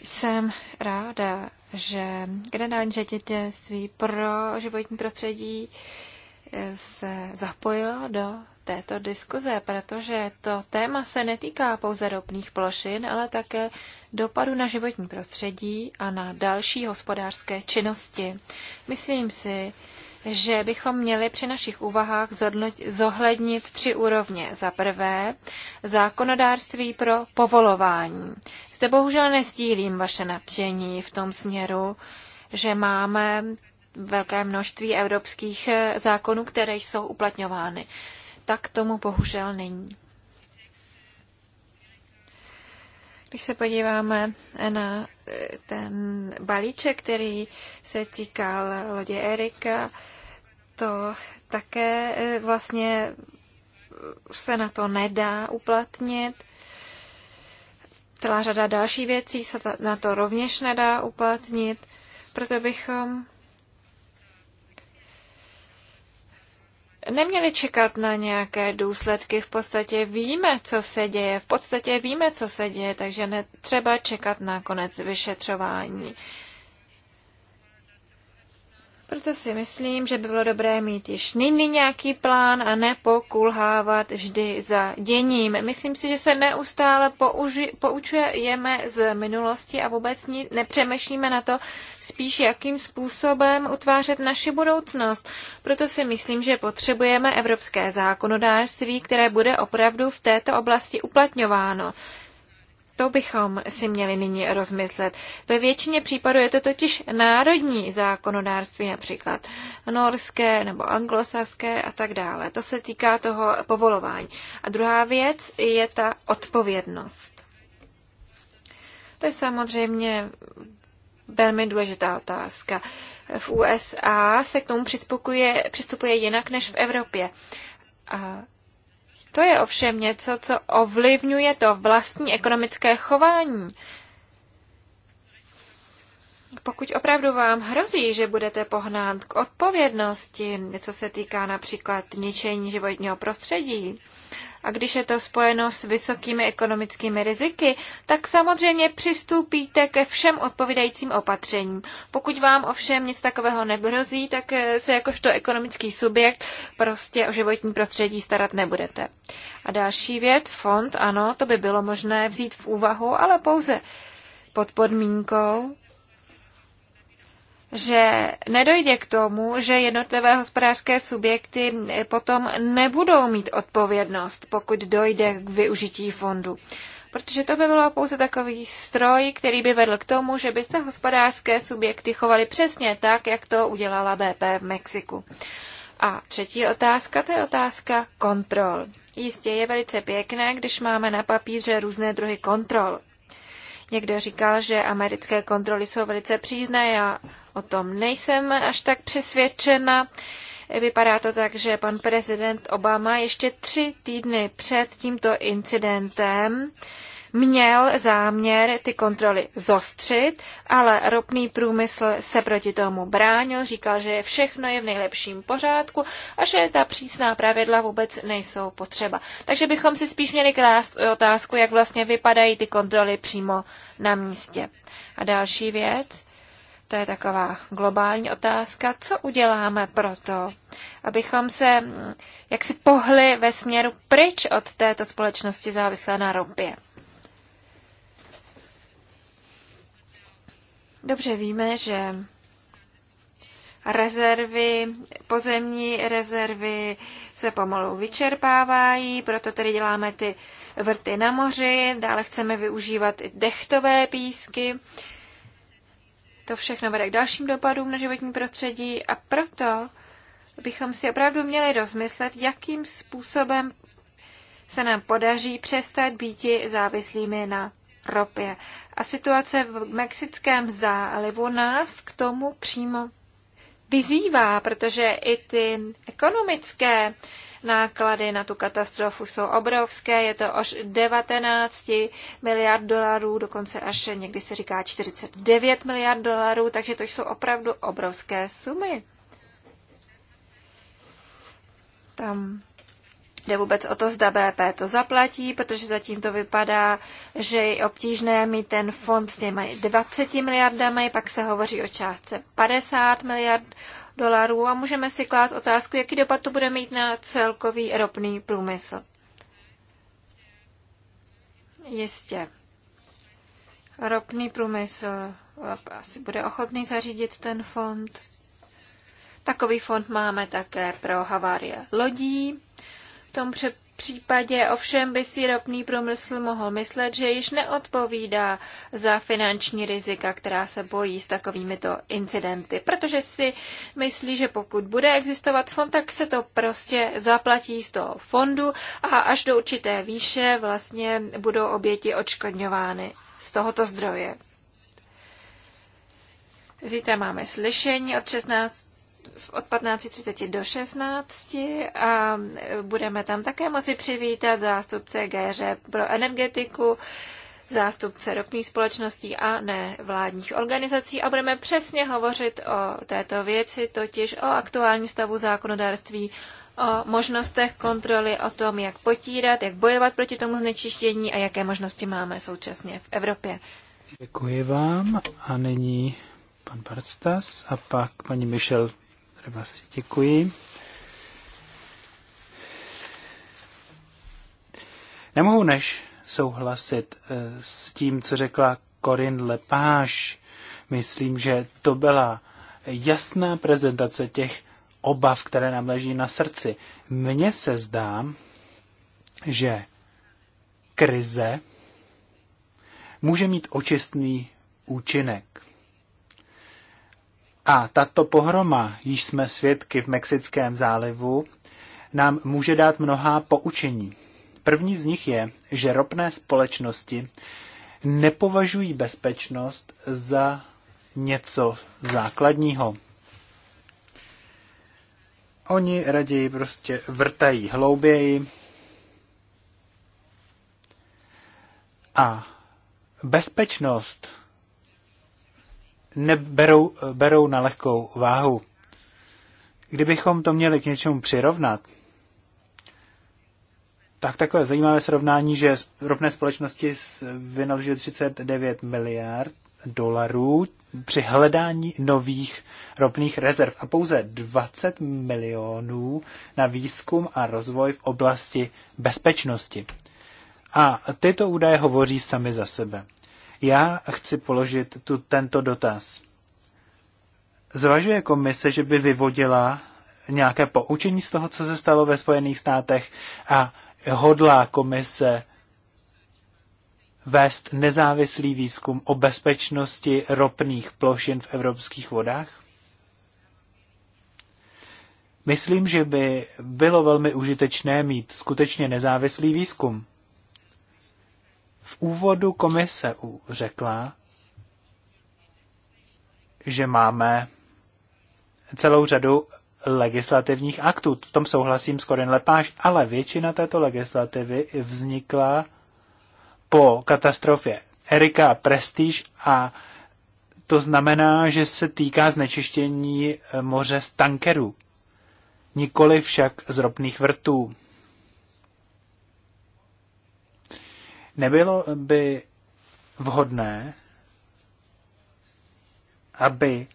Jsem ráda, že generální ředitelství pro životní prostředí eh, se zapojilo do této diskuze, protože to téma se netýká pouze ropných plošin, ale také dopadu na životní prostředí a na další hospodářské činnosti. Myslím si, že bychom měli při našich úvahách zohlednit tři úrovně. Za prvé, zákonodárství pro povolování. Zde bohužel nestílím vaše nadšení v tom směru, že máme velké množství evropských eh, zákonů, které jsou uplatňovány. Tak tomu bohužel není. Když se podíváme eh, na eh, ten balíček, který se týkal lodě Erika, to také e, vlastně se na to nedá uplatnit. Celá řada další věcí se na to rovněž nedá uplatnit, proto bychom neměli čekat na nějaké důsledky. V podstatě víme, co se děje. V podstatě víme, co se děje, takže netřeba čekat na konec vyšetřování. Proto si myslím, že by bylo dobré mít již nyní nějaký plán a nepokulhávat vždy za děním. Myslím si, že se neustále použi- poučujeme z minulosti a vůbec ni- nepřemýšlíme na to spíš, jakým způsobem utvářet naši budoucnost. Proto si myslím, že potřebujeme evropské zákonodářství, které bude opravdu v této oblasti uplatňováno. To bychom si měli nyní rozmyslet. Ve většině případů je to totiž národní zákonodárství, například norské nebo anglosaské a tak dále. To se týká toho povolování. A druhá věc je ta odpovědnost. To je samozřejmě velmi důležitá otázka. V USA se k tomu přistupuje, jinak než v Evropě. A to je ovšem něco, co ovlivňuje to vlastní ekonomické chování. Pokud opravdu vám hrozí, že budete pohnán k odpovědnosti, co se týká například ničení životního prostředí, a když je to spojeno s vysokými ekonomickými riziky, tak samozřejmě přistoupíte ke všem odpovídajícím opatřením. Pokud vám ovšem nic takového nebrozí, tak eh, se jakožto ekonomický subjekt prostě o životní prostředí starat nebudete. A další věc, fond, ano, to by bylo možné vzít v úvahu, ale pouze pod podmínkou, že nedojde k tomu, že jednotlivé hospodářské subjekty potom nebudou mít odpovědnost, pokud dojde k využití fondu. Protože to by bylo pouze takový stroj, který by vedl k tomu, že by se hospodářské subjekty chovaly přesně tak, jak to udělala BP v Mexiku. A třetí otázka, to je otázka kontrol. Jistě je velice pěkné, když máme na papíře různé druhy kontrol. Někdo říkal, že americké kontroly jsou velice přízné, já o tom nejsem až tak přesvědčena. Vypadá to tak, že pan prezident Obama ještě tři týdny před tímto incidentem měl záměr ty kontroly zostřit, ale ropný průmysl se proti tomu bránil, říkal, že všechno je v nejlepším pořádku a že ta přísná pravidla vůbec nejsou potřeba. Takže bychom si spíš měli klást otázku, jak vlastně vypadají ty kontroly přímo na místě. A další věc, to je taková globální otázka, co uděláme pro to, abychom se mm, jaksi pohli ve směru pryč od této společnosti závislé na ropě. Dobře víme, že rezervy, pozemní rezervy se pomalu vyčerpávají, proto tedy děláme ty vrty na moři, dále chceme využívat i dechtové písky. To všechno vede k dalším dopadům na životní prostředí a proto bychom si opravdu měli rozmyslet, jakým způsobem se nám podaří přestat býti závislými na ropě. A situace v Mexickém zálivu nás k tomu přímo vyzývá, protože i ty ekonomické náklady na tu katastrofu jsou obrovské, je to až 19 miliard dolarů, dokonce až někdy se říká 49 miliard dolarů, takže to jsou opravdu obrovské sumy. Tam Jde vůbec o to, zda BP to zaplatí, protože zatím to vypadá, že je obtížné mít ten fond s těmi 20 miliardami, pak se hovoří o částce 50 miliard dolarů a můžeme si klást otázku, jaký dopad to bude mít na celkový ropný průmysl. Jistě. Ropný průmysl eh, asi bude ochotný zařídit ten fond. Takový fond máme také pro havárie lodí. V tom případě ovšem by si ropný průmysl mohl myslet, že již neodpovídá za finanční rizika, která se bojí s takovýmito incidenty, protože si myslí, že pokud bude existovat fond, tak se to prostě zaplatí z toho fondu a až do určité výše vlastně budou oběti odškodňovány z tohoto zdroje. Zítra máme slyšení od 16 od 15.30 do 16 a budeme tam také moci přivítat zástupce GŘ pro energetiku, zástupce ropných společností a ne vládních organizací a budeme přesně hovořit o této věci, totiž o aktuální stavu zákonodárství, o možnostech kontroly, o tom, jak potírat, jak bojovat proti tomu znečištění a jaké možnosti máme současně v Evropě. Děkuji vám a nyní pan Barstas a pak paní Michel děkuji. Nemohu než souhlasit eh, s tím, co řekla Corinne Lepage. Myslím, že to byla jasná prezentace těch obav, které nám leží na srdci. Mně se zdá, že krize může mít očistný účinek. A tato pohroma, již jsme svědky v Mexickém zálivu, nám může dát mnohá poučení. První z nich je, že ropné společnosti nepovažují bezpečnost za něco základního. Oni raději prostě vrtají hlouběji a bezpečnost neberou berou na lehkou váhu. Kdybychom to měli k něčemu přirovnat, tak takové zajímavé srovnání, že ropné společnosti vynaložily 39 miliard dolarů při hledání nových ropných rezerv a pouze 20 milionů na výzkum a rozvoj v oblasti bezpečnosti. A tyto údaje hovoří sami za sebe. Já chci položit tu, tento dotaz. Zvažuje komise, že by vyvodila nějaké poučení z toho, co se stalo ve Spojených státech a hodlá komise vést nezávislý výzkum o bezpečnosti ropných plošin v evropských vodách? Myslím, že by bylo velmi užitečné mít skutečně nezávislý výzkum. V úvodu komise řekla, že máme celou řadu legislativních aktů. V tom souhlasím s Corinne Lepáš, ale většina této legislativy vznikla po katastrofě Erika Prestige a to znamená, že se týká znečištění moře z tankerů, nikoli však z ropných vrtů. Nebylo by vhodné, aby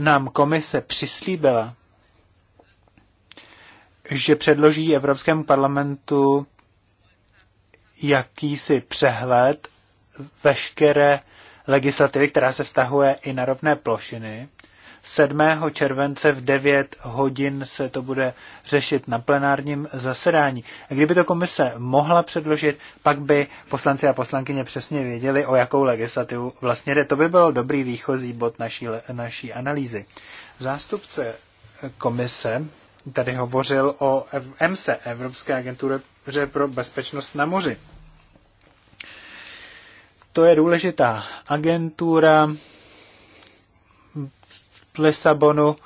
nám komise přislíbila, že předloží Evropskému parlamentu jakýsi přehled veškeré legislativy, která se vztahuje i na rovné plošiny, 7. července v 9 hodin se to bude řešit na plenárním zasedání. A kdyby to komise mohla předložit, pak by poslanci a poslankyně přesně věděli, o jakou legislativu vlastně jde. To by byl dobrý výchozí bod naší, naší analýzy. Zástupce eh, komise tady hovořil o EMSE, Evropské agentuře pro bezpečnost na moři. To je důležitá agentura, Lisabonu,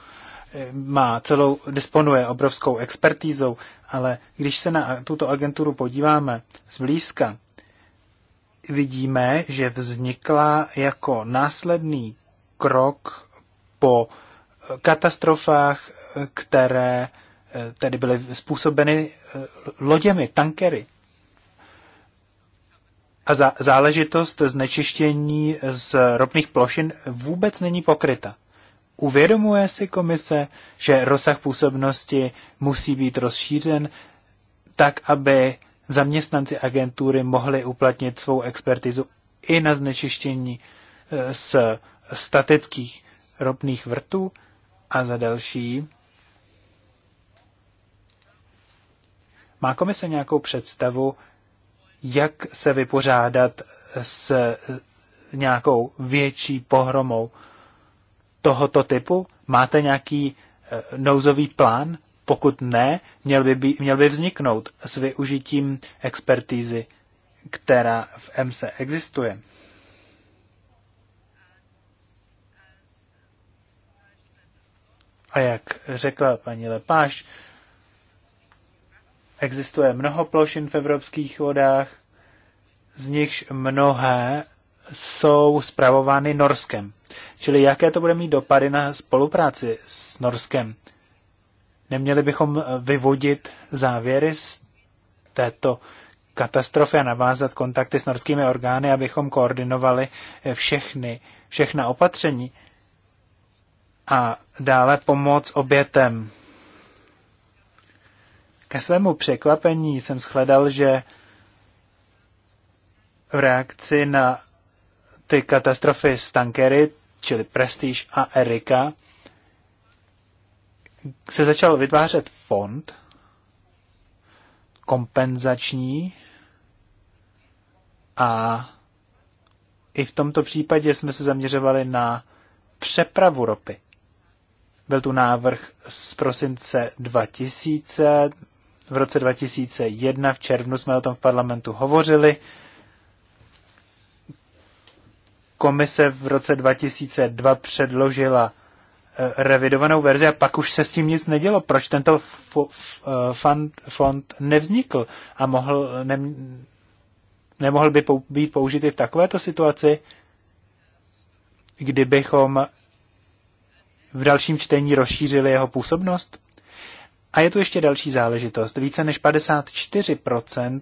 eh, má celou, disponuje obrovskou expertízou, ale když se na tuto agenturu podíváme zblízka, vidíme, že vznikla jako následný krok po eh, katastrofách, eh, které tedy byly způsobeny loděmi, tankery. A záležitost znečištění z ropných plošin vůbec není pokryta. Uvědomuje si komise, že rozsah působnosti musí být rozšířen tak, aby zaměstnanci agentury mohli uplatnit svou expertizu i na znečištění eh, z statických ropných vrtů a za další. Má komise nějakou představu, jak se vypořádat s nějakou větší pohromou tohoto typu? Máte nějaký eh, nouzový plán? Pokud ne, měl by, by, měl by vzniknout s využitím expertízy, která v EMSE existuje. A jak řekla paní Lepáš, existuje mnoho plošin v evropských vodách, z nichž mnohé jsou zpravovány Norskem. Čili jaké to bude mít dopady na spolupráci s Norskem? Neměli bychom eh, vyvodit závěry z této katastrofy a navázat kontakty s norskými orgány, abychom koordinovali eh, všechny, všechna opatření a dále pomoc obětem. Ke svému překvapení jsem shledal, že v reakci na ty katastrofy z tankery čili Prestige a Erika, se začal vytvářet fond kompenzační a i v tomto případě jsme se zaměřovali na přepravu ropy. Byl tu návrh z prosince 2000, v roce 2001 v červnu jsme o tom v parlamentu hovořili komise v roce 2002 předložila eh, revidovanou verzi a pak už se s tím nic nedělo. Proč tento fond, eh, fond nevznikl a mohl, ne, nemohl by pou, být použit i v takovéto situaci, kdybychom v dalším čtení rozšířili jeho působnost? A je tu ještě další záležitost. Více než 54%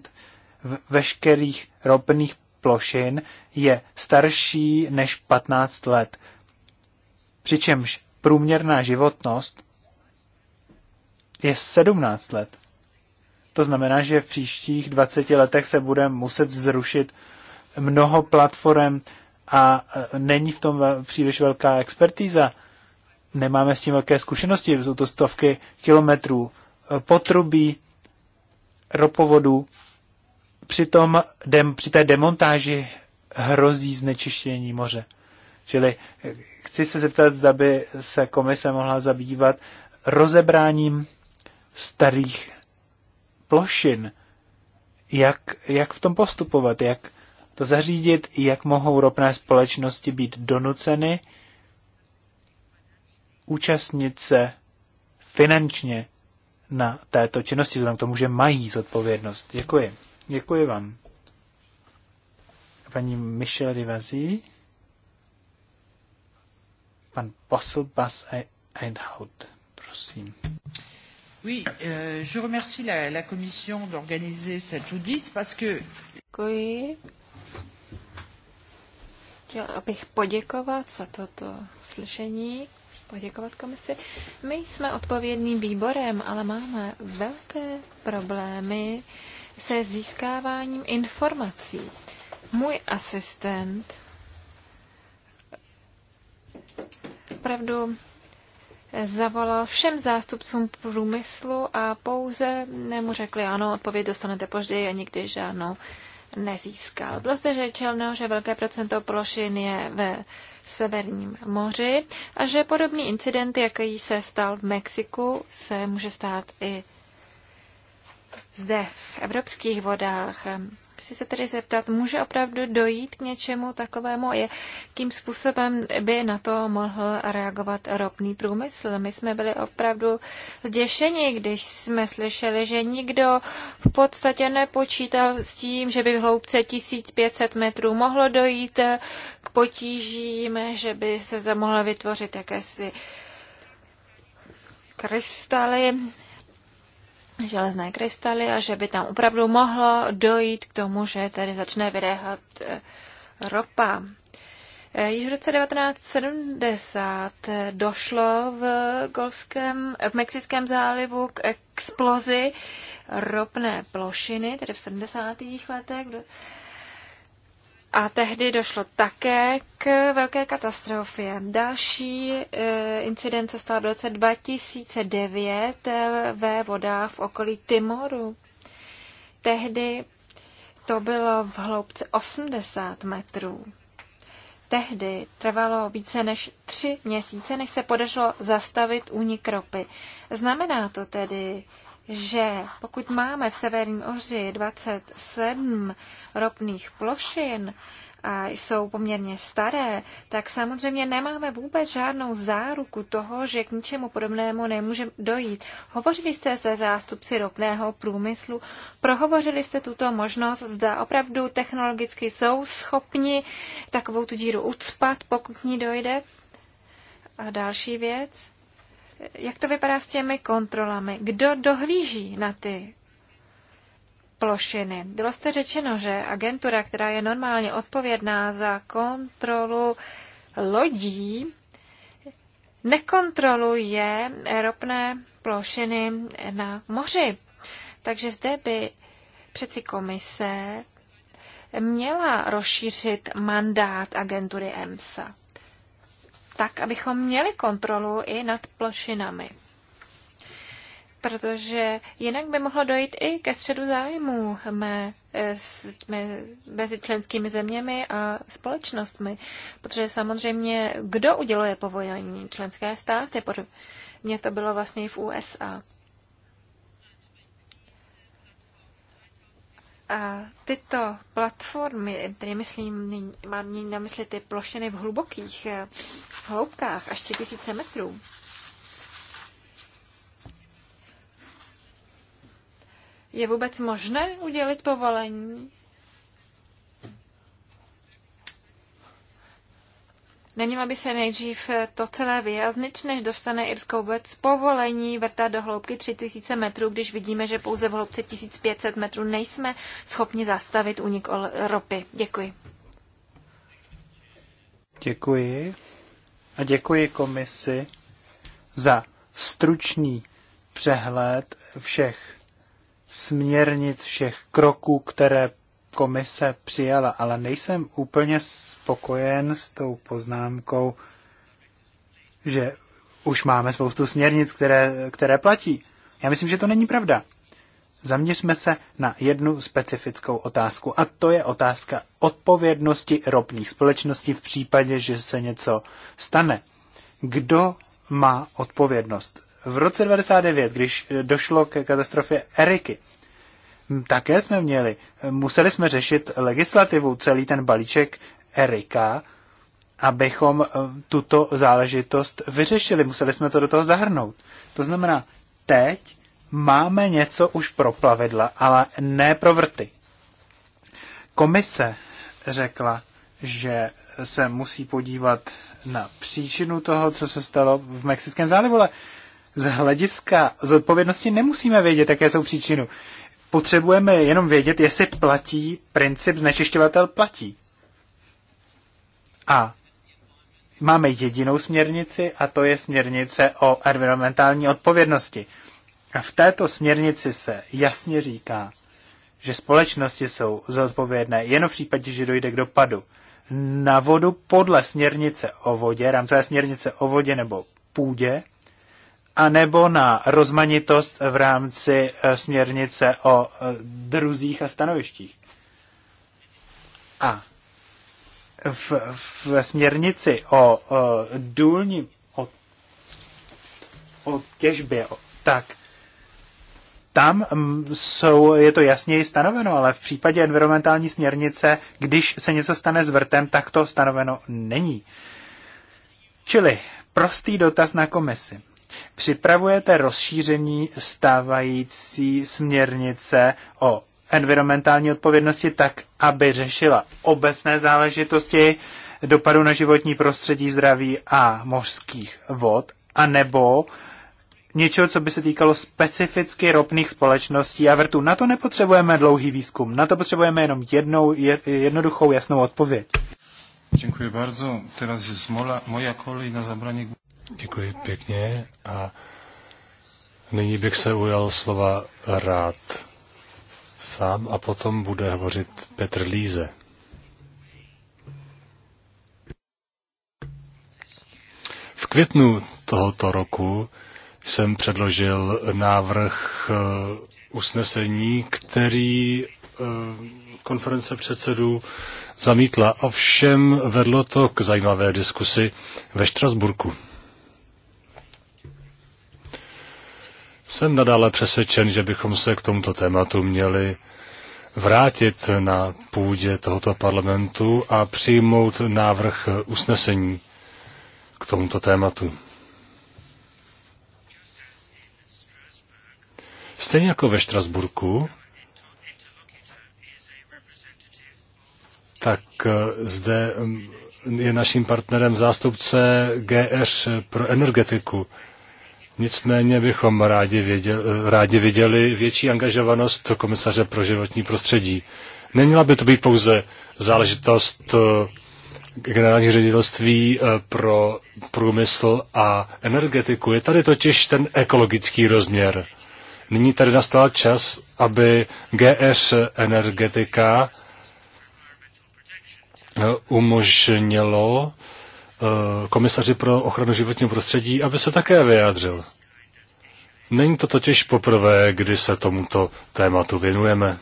veškerých ropných plošin je starší než 15 let. Přičemž průměrná životnost je 17 let. To znamená, že v příštích 20 letech se bude muset zrušit mnoho platform a e, není v tom příliš velká expertíza. Nemáme s tím velké zkušenosti, jsou to stovky kilometrů e, potrubí, ropovodů při, tom, dem, při té demontáži hrozí znečištění moře. Čili eh, chci se zeptat, zda by se komise mohla zabývat rozebráním starých plošin. Jak, jak v tom postupovat, jak to zařídit, jak mohou ropné společnosti být donuceny účastnit se finančně na této činnosti, vzhledem k tomu, že mají zodpovědnost. Děkuji. Děkuji vám. Paní Michel Rivazí, pan posl Bas e- Eidhout, prosím. Oui, euh, je remercie la, la Commission d'organiser cet audit parce que... Děkuji. Chtěla bych poděkovat za toto slyšení, poděkovat komisi. My jsme odpovědným výborem, ale máme velké problémy se získáváním informací. Můj asistent opravdu eh, zavolal všem zástupcům průmyslu a pouze nemu řekli ano, odpověď dostanete později a nikdy žádnou nezískal. Bylo zde řečeno, že velké procento plošin je ve Severním moři a že podobný incident, jaký se stal v Mexiku, se může stát i zde v evropských vodách. Chci se tedy zeptat, může opravdu dojít k něčemu takovému? Jakým způsobem by na to mohl reagovat ropný průmysl? My jsme byli opravdu zděšeni, když jsme slyšeli, že nikdo v podstatě nepočítal s tím, že by v hloubce 1500 metrů mohlo dojít k potížím, že by se mohlo vytvořit jakési krystaly železné krystaly a že by tam opravdu mohlo dojít k tomu, že tady začne vydéhat eh, ropa. Eh, již v roce 1970 eh, došlo v, golfském, v Mexickém zálivu k explozi ropné plošiny, tedy v 70. letech. A tehdy došlo také k velké katastrofě. Další e, incident se stal v roce 2009 e, ve vodách v okolí Timoru. Tehdy to bylo v hloubce 80 metrů. Tehdy trvalo více než tři měsíce, než se podařilo zastavit únik ropy. Znamená to tedy, že pokud máme v Severním oři 27 ropných plošin a jsou poměrně staré, tak samozřejmě nemáme vůbec žádnou záruku toho, že k ničemu podobnému nemůže dojít. Hovořili jste se zástupci ropného průmyslu, prohovořili jste tuto možnost, zda opravdu technologicky jsou schopni takovou tu díru ucpat, pokud k ní dojde. A další věc jak to vypadá s těmi kontrolami? Kdo dohlíží na ty plošiny? Bylo jste řečeno, že agentura, která je normálně odpovědná za kontrolu lodí, nekontroluje ropné plošiny na moři. Takže zde by přeci komise měla rozšířit mandát agentury EMSA tak, abychom měli kontrolu i nad plošinami. Protože jinak by mohlo dojít i ke středu zájmů mé, eh, s, mé, mezi členskými zeměmi a společnostmi. Protože samozřejmě, kdo uděluje povolení? Členské státy. Mně to bylo vlastně i v USA. A tyto platformy, tedy myslím, mám na mysli ty plošiny v hlubokých eh, v hloubkách až 3000 metrů, je vůbec možné udělit povolení Nemělo by se nejdřív to celé vyjaznit, než dostane irskou vůbec povolení vrtat do hloubky 3000 metrů, když vidíme, že pouze v hloubce 1500 metrů nejsme schopni zastavit únik ropy. Děkuji. Děkuji. A děkuji komisi za stručný přehled všech směrnic, všech kroků, které komise přijala, ale nejsem úplně spokojen s tou poznámkou, že už máme spoustu směrnic, které, které platí. Já myslím, že to není pravda. Zaměřme se na jednu specifickou otázku a to je otázka odpovědnosti ropných společností v případě, že se něco stane. Kdo má odpovědnost? V roce 99, když došlo ke katastrofě Eriky, Hm, také jsme měli. Museli jsme řešit legislativu, celý ten balíček Erika, abychom eh, tuto záležitost vyřešili. Museli jsme to do toho zahrnout. To znamená, teď máme něco už pro plavidla, ale ne pro vrty. Komise řekla, že se musí podívat na příčinu toho, co se stalo v Mexickém zálivu, ale z hlediska zodpovědnosti nemusíme vědět, jaké jsou příčinu potřebujeme jenom vědět, jestli platí princip znečišťovatel platí. A máme jedinou směrnici a to je směrnice o environmentální odpovědnosti. A v této směrnici se jasně říká, že společnosti jsou zodpovědné jen v případě, že dojde k dopadu na vodu podle směrnice o vodě, rámcové směrnice o vodě nebo půdě, anebo na rozmanitost v rámci eh, směrnice o eh, druzích a stanovištích. A v, v směrnici o, o důlním o, o těžbě, tak tam mm, jsou, je to jasněji stanoveno, ale v případě environmentální směrnice, když se něco stane s vrtem, tak to stanoveno není. Čili prostý dotaz na komisi. Připravujete rozšíření stávající směrnice o environmentální odpovědnosti tak, aby řešila obecné záležitosti dopadu na životní prostředí, zdraví a mořských vod, anebo něčeho, co by se týkalo specificky ropných společností a vrtů. Na to nepotřebujeme dlouhý výzkum, na to potřebujeme jenom jednou, jednoduchou, jasnou odpověď. Děkuji bardzo. Teraz jest moja kolej na zabranie Děkuji pěkně a nyní bych se ujal slova rád sám a potom bude hovořit Petr Líze. V květnu tohoto roku jsem předložil návrh eh, usnesení, který eh, konference předsedů zamítla, ovšem vedlo to k zajímavé diskusi ve Štrasburku. Jsem nadále přesvědčen, že bychom se k tomuto tématu měli vrátit na půdě tohoto parlamentu a přijmout návrh usnesení k tomuto tématu. Stejně jako ve Štrasburku, tak eh, zde mm, je naším partnerem zástupce GR pro energetiku. Nicméně bychom rádi viděli, rádi viděli větší angažovanost komisaře pro životní prostředí. Neměla by to být pouze záležitost eh, generální ředitelství eh, pro průmysl a energetiku. Je tady totiž ten ekologický rozměr. Nyní tady nastal čas, aby GS Energetika eh, umožnilo Eh, komisaři pro ochranu životního prostředí, aby se také vyjádřil. Není to totiž poprvé, kdy se tomuto tématu věnujeme.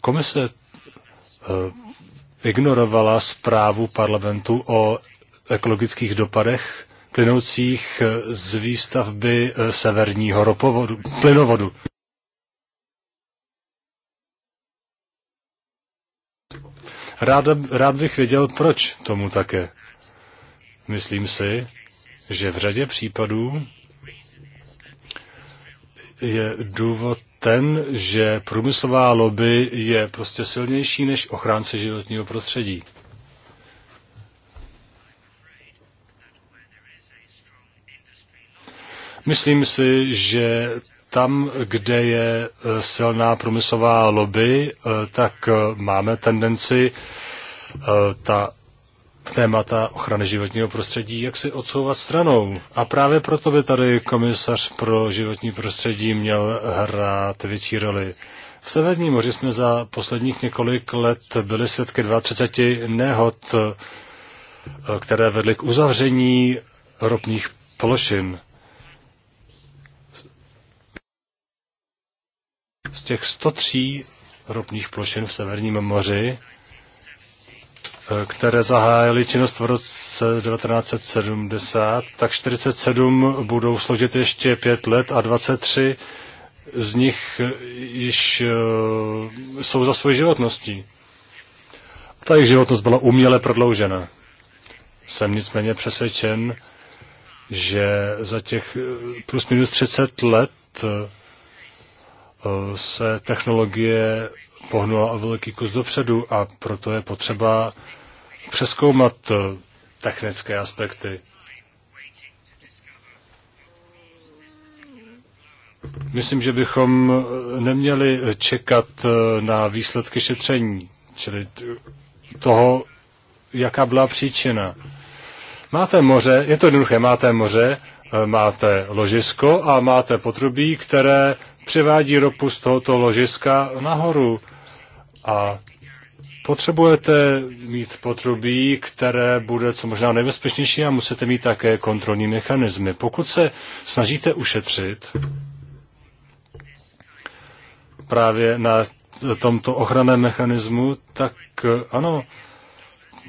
Komise eh, ignorovala zprávu parlamentu o ekologických dopadech plynoucích eh, z výstavby severního ropovodu, plynovodu. Rád, rád bych věděl, proč tomu také. Myslím si, že v řadě případů je důvod ten, že průmyslová lobby je prostě silnější než ochránce životního prostředí. Myslím si, že tam, kde je eh, silná průmyslová lobby, eh, tak eh, máme tendenci ta témata ochrany životního prostředí jak si odsouvat stranou. A právě proto by tady komisař pro životní prostředí měl hrát větší roli. V Severním moři jsme za posledních několik let byli svědky 32 nehod, které vedly k uzavření ropných plošin. Z těch 103 ropných plošin v Severním moři, eh, které zahájily činnost v roce 1970, tak 47 budou složit ještě 5 let a 23 z nich eh, již eh, jsou za svoji životností. Ta jejich životnost byla uměle prodloužena. Jsem nicméně přesvědčen, že za těch plus minus 30 let Eh, se technologie pohnula o velký kus dopředu a proto je potřeba přeskoumat eh, technické aspekty. Myslím, že bychom eh, neměli čekat na výsledky šetření, čili toho, jaká byla příčina. Máte moře, je to jednoduché, máte moře, máte ložisko a máte potrubí, které převádí ropu z tohoto ložiska nahoru. A potřebujete mít potrubí, které bude co možná nejbezpečnější a musíte mít také kontrolní mechanismy. Pokud se snažíte ušetřit právě na tomto ochranném mechanismu, tak ano,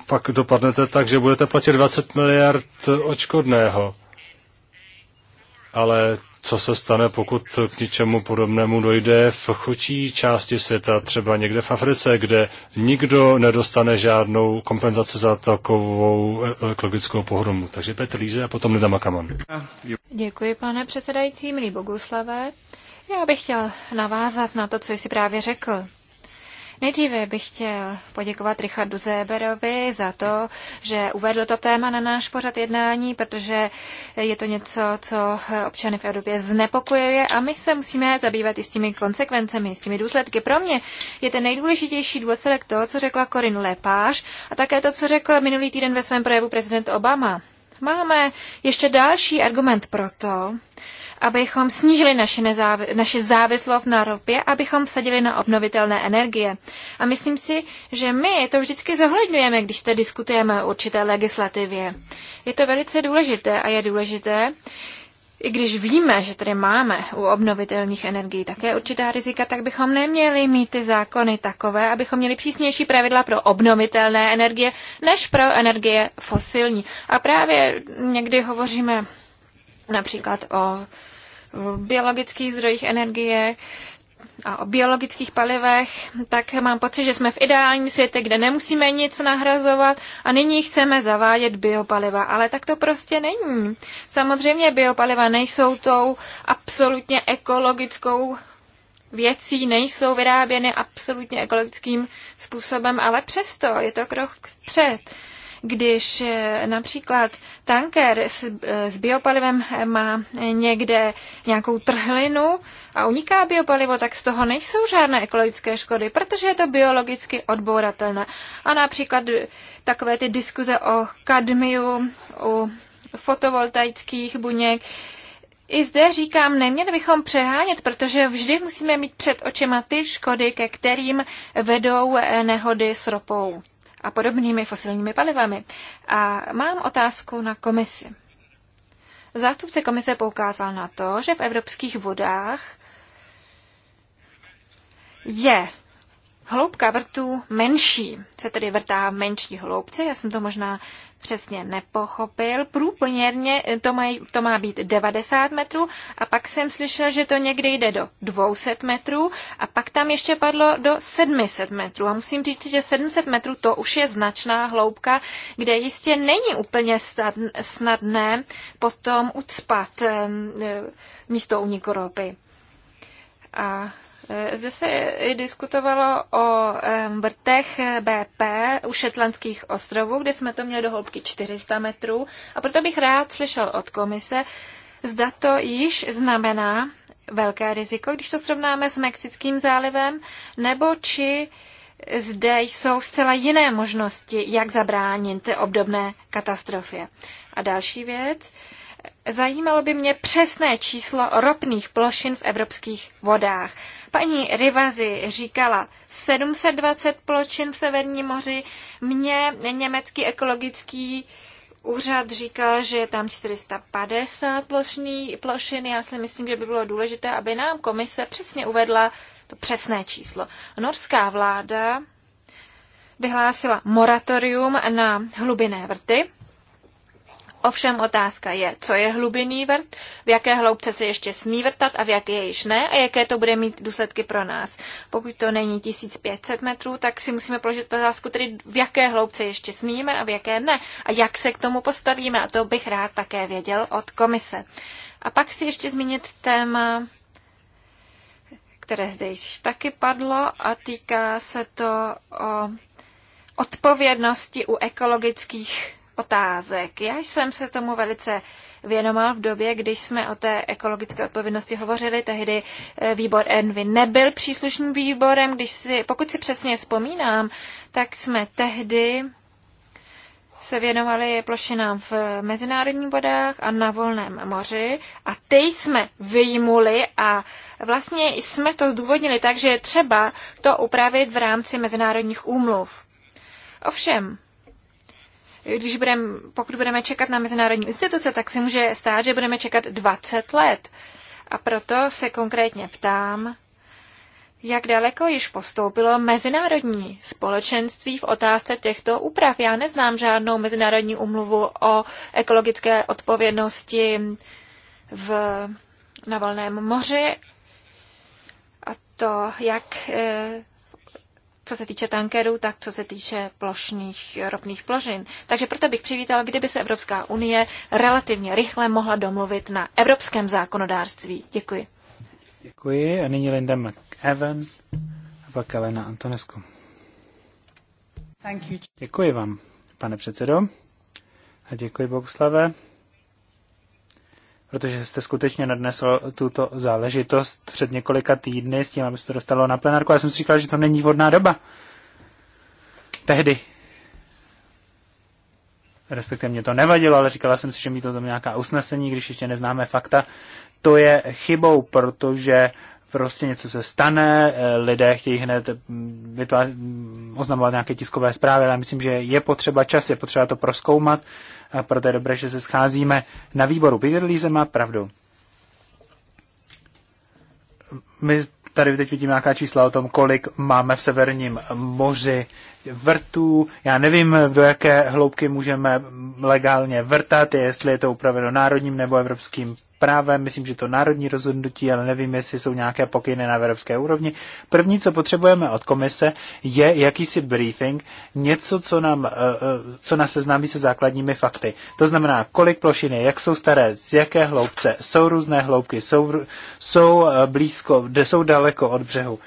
pak dopadnete tak, že budete platit 20 miliard očkodného. Ale co se stane, pokud k něčemu podobnému dojde v chudší části světa, třeba někde v Africe, kde nikdo nedostane žádnou kompenzaci za takovou eh, ekologickou pohromu. Takže Petr Líze a potom Lida Makaman. Děkuji, pane předsedající, milý Boguslave. Já bych chtěl navázat na to, co jsi právě řekl. Nejdříve bych chtěl poděkovat Richardu Zéberovi za to, že uvedl to téma na náš pořad jednání, protože je to něco, co občany v Evropě znepokojuje a my se musíme zabývat i s těmi konsekvencemi, s těmi důsledky. Pro mě je ten nejdůležitější důsledek to, co řekla Corinne Lepáš a také to, co řekl minulý týden ve svém projevu prezident Obama. Máme ještě další argument pro to, abychom snížili naše, nezávi- naše závislost na ropě, abychom vsadili na obnovitelné energie. A myslím si, že my to vždycky zohledňujeme, když tady diskutujeme o určité legislativě. Je to velice důležité a je důležité, i když víme, že tady máme u obnovitelných energií také určitá rizika, tak bychom neměli mít ty zákony takové, abychom měli přísnější pravidla pro obnovitelné energie než pro energie fosilní. A právě někdy hovoříme například o v biologických zdrojích energie a o biologických palivech, tak mám pocit, že jsme v ideálním světě, kde nemusíme nic nahrazovat a nyní chceme zavádět biopaliva. Ale tak to prostě není. Samozřejmě biopaliva nejsou tou absolutně ekologickou věcí nejsou vyráběny absolutně ekologickým způsobem, ale přesto je to krok před. Když eh, například tanker s, eh, s biopalivem eh, má někde nějakou trhlinu a uniká biopalivo, tak z toho nejsou žádné ekologické škody, protože je to biologicky odbouratelné. A například takové ty diskuze o kadmiu u fotovoltaických buněk, i zde říkám, neměli bychom přehánět, protože vždy musíme mít před očima ty škody, ke kterým vedou nehody s ropou a podobnými fosilními palivami. A mám otázku na komisi. Zástupce komise poukázal na to, že v evropských vodách je hloubka vrtu menší, se tedy vrtá v menší hloubce, já jsem to možná přesně nepochopil. Průměrně to, maj, to má být 90 metrů a pak jsem slyšel, že to někdy jde do 200 metrů a pak tam ještě padlo do 700 metrů. A musím říct, že 700 metrů to už je značná hloubka, kde jistě není úplně snadné potom ucpat e, místo uniku ropy. A Eh, zde se i diskutovalo o vrtech BP u šetlandských ostrovů, kde jsme to měli do hloubky 400 metrů. A proto bych rád slyšel od komise, zda to již znamená velké riziko, když to srovnáme s Mexickým zálivem, nebo či zde jsou zcela jiné možnosti, jak zabránit obdobné katastrofě. A další věc, zajímalo by mě přesné číslo ropných plošin v evropských vodách. Paní Rivazi říkala 720 pločin v Severním moři. Mně německý ekologický úřad říkal, že je tam 450 plošný, plošin. Já si myslím, že by bylo důležité, aby nám komise přesně uvedla to přesné číslo. Norská vláda vyhlásila moratorium na hlubinné vrty Ovšem otázka je, co je hlubinný vrt, v jaké hloubce se ještě smí vrtat a v jaké již ne a jaké to bude mít důsledky pro nás. Pokud to není 1500 metrů, tak si musíme položit otázku tedy, v jaké hloubce ještě smíme a v jaké ne a jak se k tomu postavíme a to bych rád také věděl od komise. A pak si ještě zmínit téma, které zde již taky padlo a týká se to o odpovědnosti u ekologických otázek. Já jsem se tomu velice věnoval v době, když jsme o té ekologické odpovědnosti hovořili. Tehdy eh, výbor Envy nebyl příslušným výborem. Když si, pokud si přesně vzpomínám, tak jsme tehdy se věnovali plošinám v mezinárodních vodách a na volném moři a ty jsme vyjmuli a vlastně jsme to zdůvodnili tak, že je třeba to upravit v rámci mezinárodních úmluv. Ovšem, když budem, pokud budeme čekat na mezinárodní instituce, tak se může stát, že budeme čekat 20 let. A proto se konkrétně ptám, jak daleko již postoupilo mezinárodní společenství v otázce těchto úprav? Já neznám žádnou mezinárodní umluvu o ekologické odpovědnosti v, na Volném moři. A to, jak e, co se týče tankerů, tak co se týče plošných ropných plošin. Takže proto bych přivítala, kdyby se Evropská unie relativně rychle mohla domluvit na evropském zákonodárství. Děkuji. Děkuji a nyní Linda McEwen a pak Elena Antonescu. Thank you. Děkuji vám, pane předsedo. A děkuji Bohuslave protože jste skutečně nadnesl tuto záležitost před několika týdny s tím, aby se to dostalo na plenárku. Já jsem si říkal, že to není vhodná doba. Tehdy. Respektive mě to nevadilo, ale říkala jsem si, že mít to tam nějaká usnesení, když ještě neznáme fakta. To je chybou, protože prostě něco se stane, eh, lidé chtějí hned eh, vytvář- mm, oznamovat nějaké tiskové zprávy, ale myslím, že je potřeba čas, je potřeba to proskoumat, a proto je dobré, že se scházíme na výboru. Peter Líze má pravdu. My tady teď vidíme nějaká čísla o tom, kolik máme v severním moři vrtů. Já nevím, do jaké hloubky můžeme legálně vrtat, jestli je to upraveno národním nebo evropským právem, myslím, že to národní rozhodnutí, ale nevím, jestli jsou nějaké pokyny na evropské úrovni. První, co potřebujeme od komise, je jakýsi briefing, něco, co, nám, eh, eh, co nás seznámí se základními fakty. To znamená, kolik plošiny, jak jsou staré, z jaké hloubce, jsou různé hloubky, jsou, jsou eh, blízko, kde jsou daleko od břehu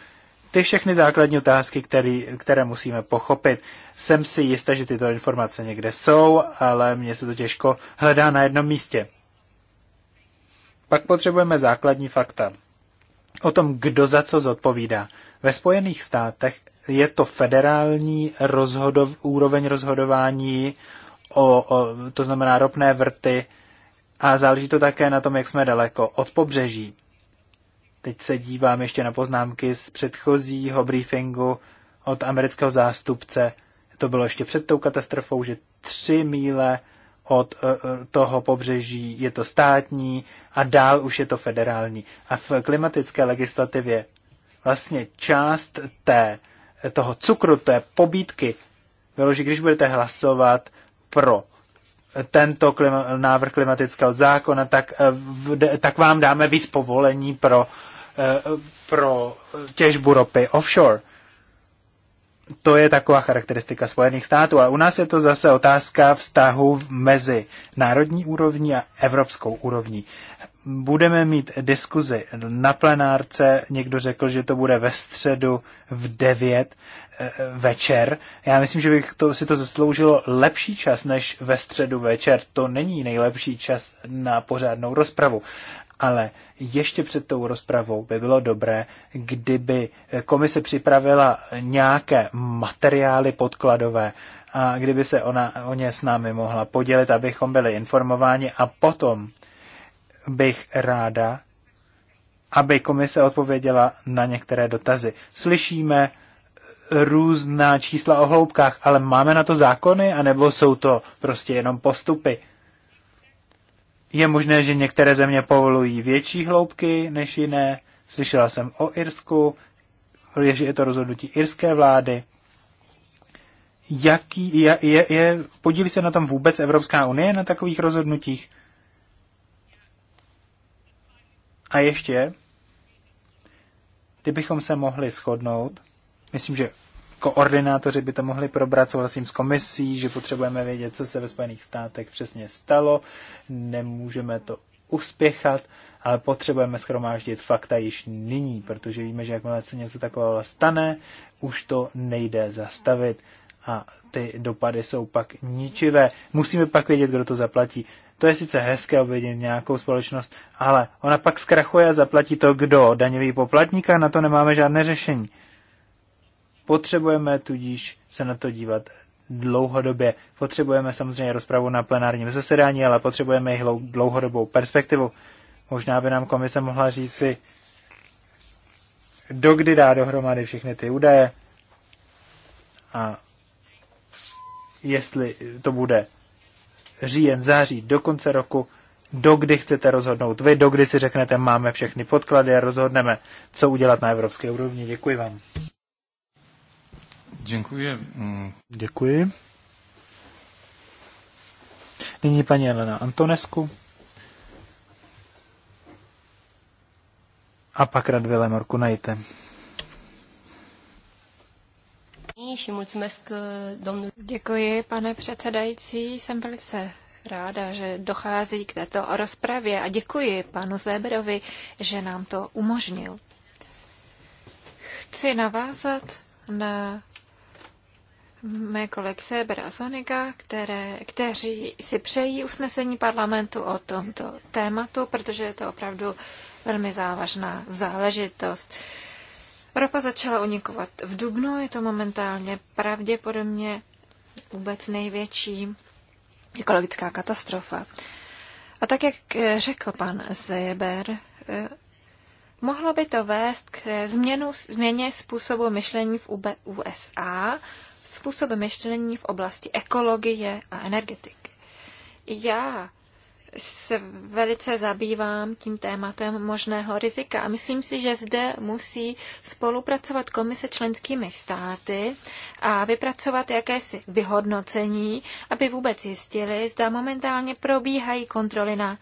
ty všechny základní otázky, který, které musíme pochopit. Jsem si jistá, že tyto informace někde jsou, ale mně se to těžko hledá na jednom místě. Pak potřebujeme základní fakta o tom, kdo za co zodpovídá. Ve Spojených státech je to federální rozhodov, úroveň rozhodování, o, o, to znamená ropné vrty, a záleží to také na tom, jak jsme daleko od pobřeží. Teď se dívám ještě na poznámky z předchozího briefingu od amerického zástupce. To bylo ještě před tou katastrofou, že tři míle od eh, eh, toho pobřeží je to státní a dál už je to federální. A v klimatické legislativě vlastně část té, toho cukru, té pobídky, bylo, že když budete hlasovat pro tento klima, návrh klimatického zákona, tak, eh, v, tak vám dáme víc povolení pro, pro těžbu ropy offshore to je taková charakteristika Spojených států. A u nás je to zase otázka vztahu mezi národní úrovní a evropskou úrovní. Budeme mít diskuzi na plenárce. Někdo řekl, že to bude ve středu v 9 eh, večer. Já myslím, že bych to, si to zasloužilo lepší čas než ve středu večer. To není nejlepší čas na pořádnou rozpravu ale ještě před tou rozpravou by bylo dobré, kdyby komise připravila nějaké materiály podkladové, a kdyby se ona o ně s námi mohla podělit, abychom byli informováni a potom bych ráda, aby komise odpověděla na některé dotazy. Slyšíme různá čísla o hloubkách, ale máme na to zákony, anebo jsou to prostě jenom postupy? Je možné, že některé země povolují větší hloubky než jiné. Slyšela jsem o Irsku, že je to rozhodnutí irské vlády. Jaký, je, je, je, podílí se na tom vůbec Evropská unie na takových rozhodnutích? A ještě, kdybychom se mohli shodnout, myslím, že koordinátoři by to mohli probrat, souhlasím s komisí, že potřebujeme vědět, co se ve Spojených státech přesně stalo, nemůžeme to uspěchat, ale potřebujeme schromáždit fakta již nyní, protože víme, že jakmile se něco takového stane, už to nejde zastavit a ty dopady jsou pak ničivé. Musíme pak vědět, kdo to zaplatí. To je sice hezké obvinit nějakou společnost, ale ona pak zkrachuje a zaplatí to kdo? Daňový poplatník a na to nemáme žádné řešení. Potřebujeme tudíž se na to dívat dlouhodobě. Potřebujeme samozřejmě rozpravu na plenárním zasedání, ale potřebujeme i dlouhodobou perspektivu. Možná by nám komise mohla říct si, dokdy dá dohromady všechny ty údaje a jestli to bude říjen, září, do konce roku, dokdy chcete rozhodnout vy, dokdy si řeknete, máme všechny podklady a rozhodneme, co udělat na evropské úrovni. Děkuji vám. Děkuji. Mm. Děkuji. Nyní paní Elena Antonesku. A pak Radvile najte. Děkuji, pane předsedající. Jsem velice ráda, že dochází k této rozpravě a děkuji panu Zéberovi, že nám to umožnil. Chci navázat na mé kolekce Sebera které, kteří si přejí usnesení parlamentu o tomto tématu, protože je to opravdu velmi závažná záležitost. Ropa začala unikovat v Dubnu, je to momentálně pravděpodobně vůbec největší ekologická katastrofa. A tak, jak řekl pan Zeber, eh, mohlo by to vést k změnu, změně způsobu myšlení v USA způsob myšlení v oblasti ekologie a energetiky. Já se velice zabývám tím tématem možného rizika a myslím si, že zde musí spolupracovat komise členskými státy a vypracovat jakési vyhodnocení, aby vůbec zjistili, zda momentálně probíhají kontroly na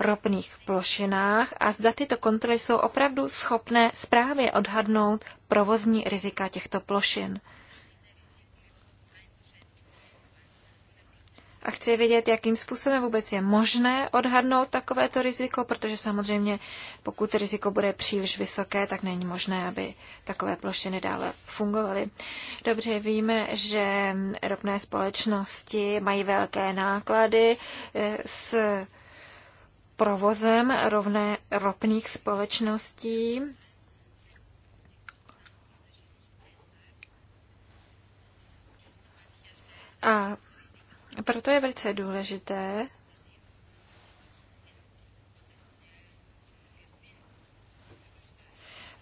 ropných plošinách a zda tyto kontroly jsou opravdu schopné správně odhadnout provozní rizika těchto plošin. a chci vědět, jakým způsobem vůbec je možné odhadnout takovéto riziko, protože samozřejmě pokud riziko bude příliš vysoké, tak není možné, aby takové plošiny dále fungovaly. Dobře víme, že ropné společnosti mají velké náklady eh, s provozem rovné ropných společností. A proto je velice důležité,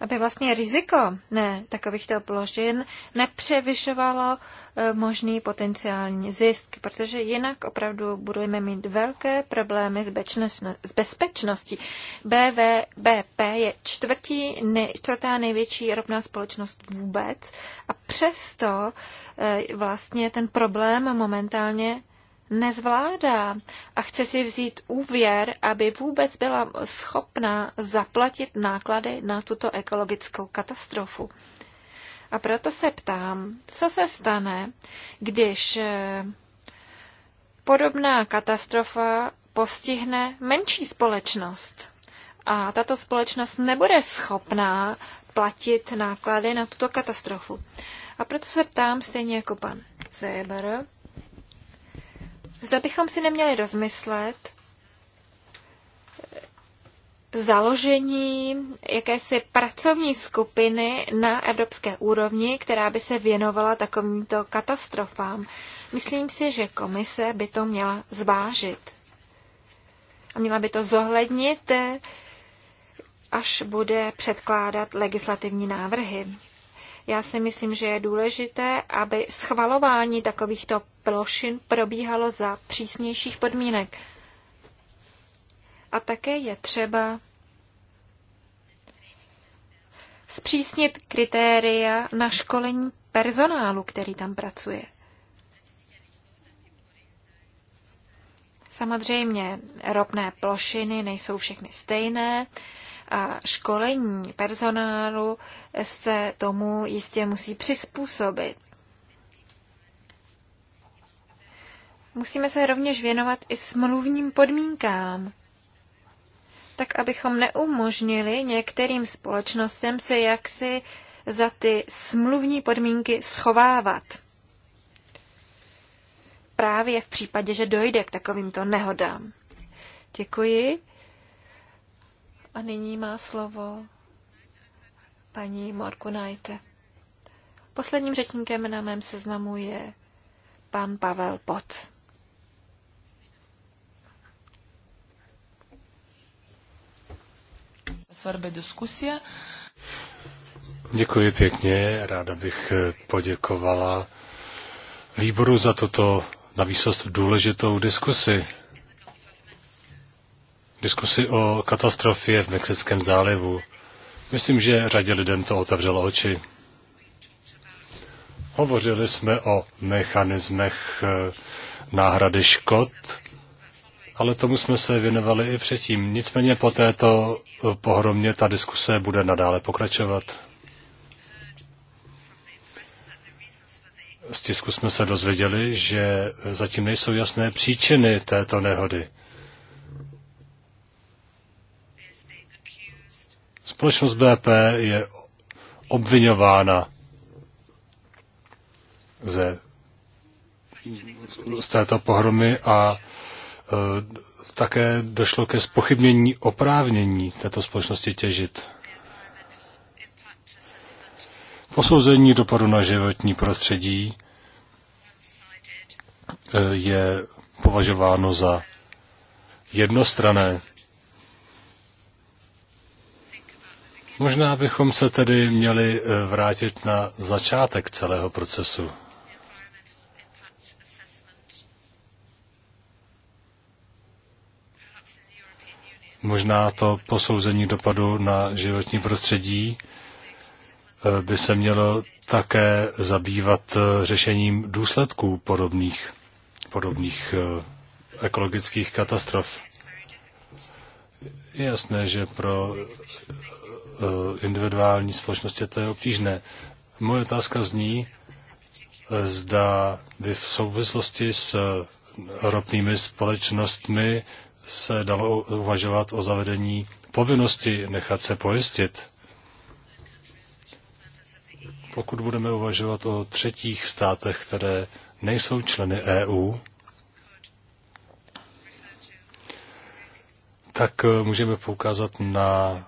aby vlastně riziko ne, takovýchto plošin nepřevyšovalo e, možný potenciální zisk, protože jinak opravdu budeme mít velké problémy s, s bezpečností. BVBP je čtvrtí, ne, čtvrtá největší ropná společnost vůbec a přesto e, vlastně ten problém momentálně nezvládá a chce si vzít úvěr, aby vůbec byla schopná zaplatit náklady na tuto ekologickou katastrofu. A proto se ptám, co se stane, když eh, podobná katastrofa postihne menší společnost a tato společnost nebude schopná platit náklady na tuto katastrofu. A proto se ptám stejně jako pan Zeber, Zda bychom si neměli rozmyslet založení jakési pracovní skupiny na evropské úrovni, která by se věnovala takovýmto katastrofám. Myslím si, že komise by to měla zvážit. A měla by to zohlednit, až bude předkládat legislativní návrhy. Já si myslím, že je důležité, aby schvalování takovýchto plošin probíhalo za přísnějších podmínek. A také je třeba zpřísnit kritéria na školení personálu, který tam pracuje. Samozřejmě ropné plošiny nejsou všechny stejné, a školení personálu se tomu jistě musí přizpůsobit. Musíme se rovněž věnovat i smluvním podmínkám, tak abychom neumožnili některým společnostem se jaksi za ty smluvní podmínky schovávat. Právě v případě, že dojde k takovýmto nehodám. Děkuji. A nyní má slovo paní Morku Najte. Posledním řečníkem na mém seznamu je pan Pavel Pot. Svarbe diskusie. Děkuji pěkně. Ráda bych poděkovala výboru za toto na důležitou diskusi diskusi o katastrofě v Mexickém zálivu. Myslím, že řadě lidem to otevřelo oči. Hovořili jsme o mechanismech eh, náhrady škod, ale tomu jsme se věnovali i předtím. Nicméně po této eh, pohromě ta diskuse bude nadále pokračovat. Z tisku jsme se dozvěděli, že zatím nejsou jasné příčiny této nehody. Společnost BP je obvinována ze, z této pohromy a e, také došlo ke spochybnění oprávnění této společnosti těžit. Posouzení dopadu na životní prostředí e, je považováno za jednostrané. Možná bychom se tedy měli eh, vrátit na začátek celého procesu. Možná to posouzení dopadu na životní prostředí eh, by se mělo také zabývat eh, řešením důsledků podobných, podobných ekologických katastrof. jasné, že pro Eh, individuální společnosti, to je obtížné. Moje otázka zní, eh, zda vy v souvislosti s eh, ropnými společnostmi se dalo uvažovat o zavedení povinnosti nechat se pojistit. Pokud budeme uvažovat o třetích státech, které nejsou členy EU, tak můžeme poukázat na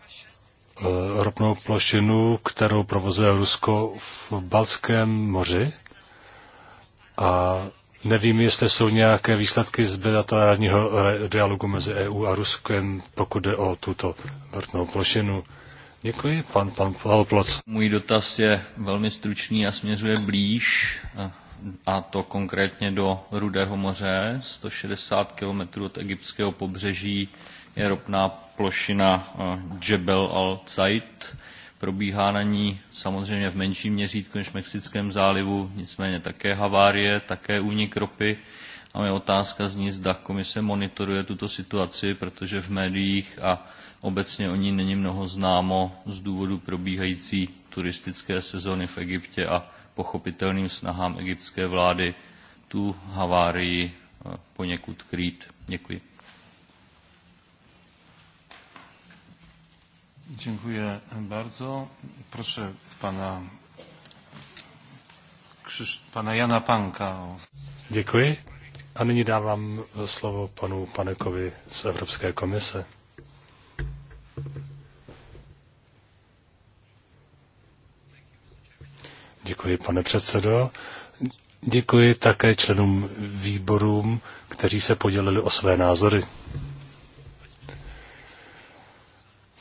Eh, ropnou plošinu, kterou provozuje Rusko v Balckém moři. A nevím, jestli jsou nějaké výsledky z bilaterálního eh, dialogu mezi EU a Ruskem, pokud jde o tuto vrtnou plošinu. Děkuji, pan, pan Pavel Ploc. Můj dotaz je velmi stručný a směřuje blíž, eh, a to konkrétně do Rudého moře. 160 km od egyptského pobřeží je ropná plošina Jebel eh, al-Zaid. Probíhá na ní samozřejmě v menším měřítku než v Mexickém zálivu, nicméně také havárie, také únik ropy. A je otázka zní, zda komise monitoruje tuto situaci, protože v médiích a obecně o ní není mnoho známo z důvodu probíhající turistické sezóny v Egyptě a pochopitelným snahám egyptské vlády tu havárii eh, poněkud krýt. Děkuji. Dziękuję bardzo. Proszę pana, Krzysz, pana Jana Panka. Děkuji. A nyní dávám slovo panu Panekovi z Evropské komise. Děkuji, pane předsedo. Děkuji také členům výborům, kteří se podělili o své názory.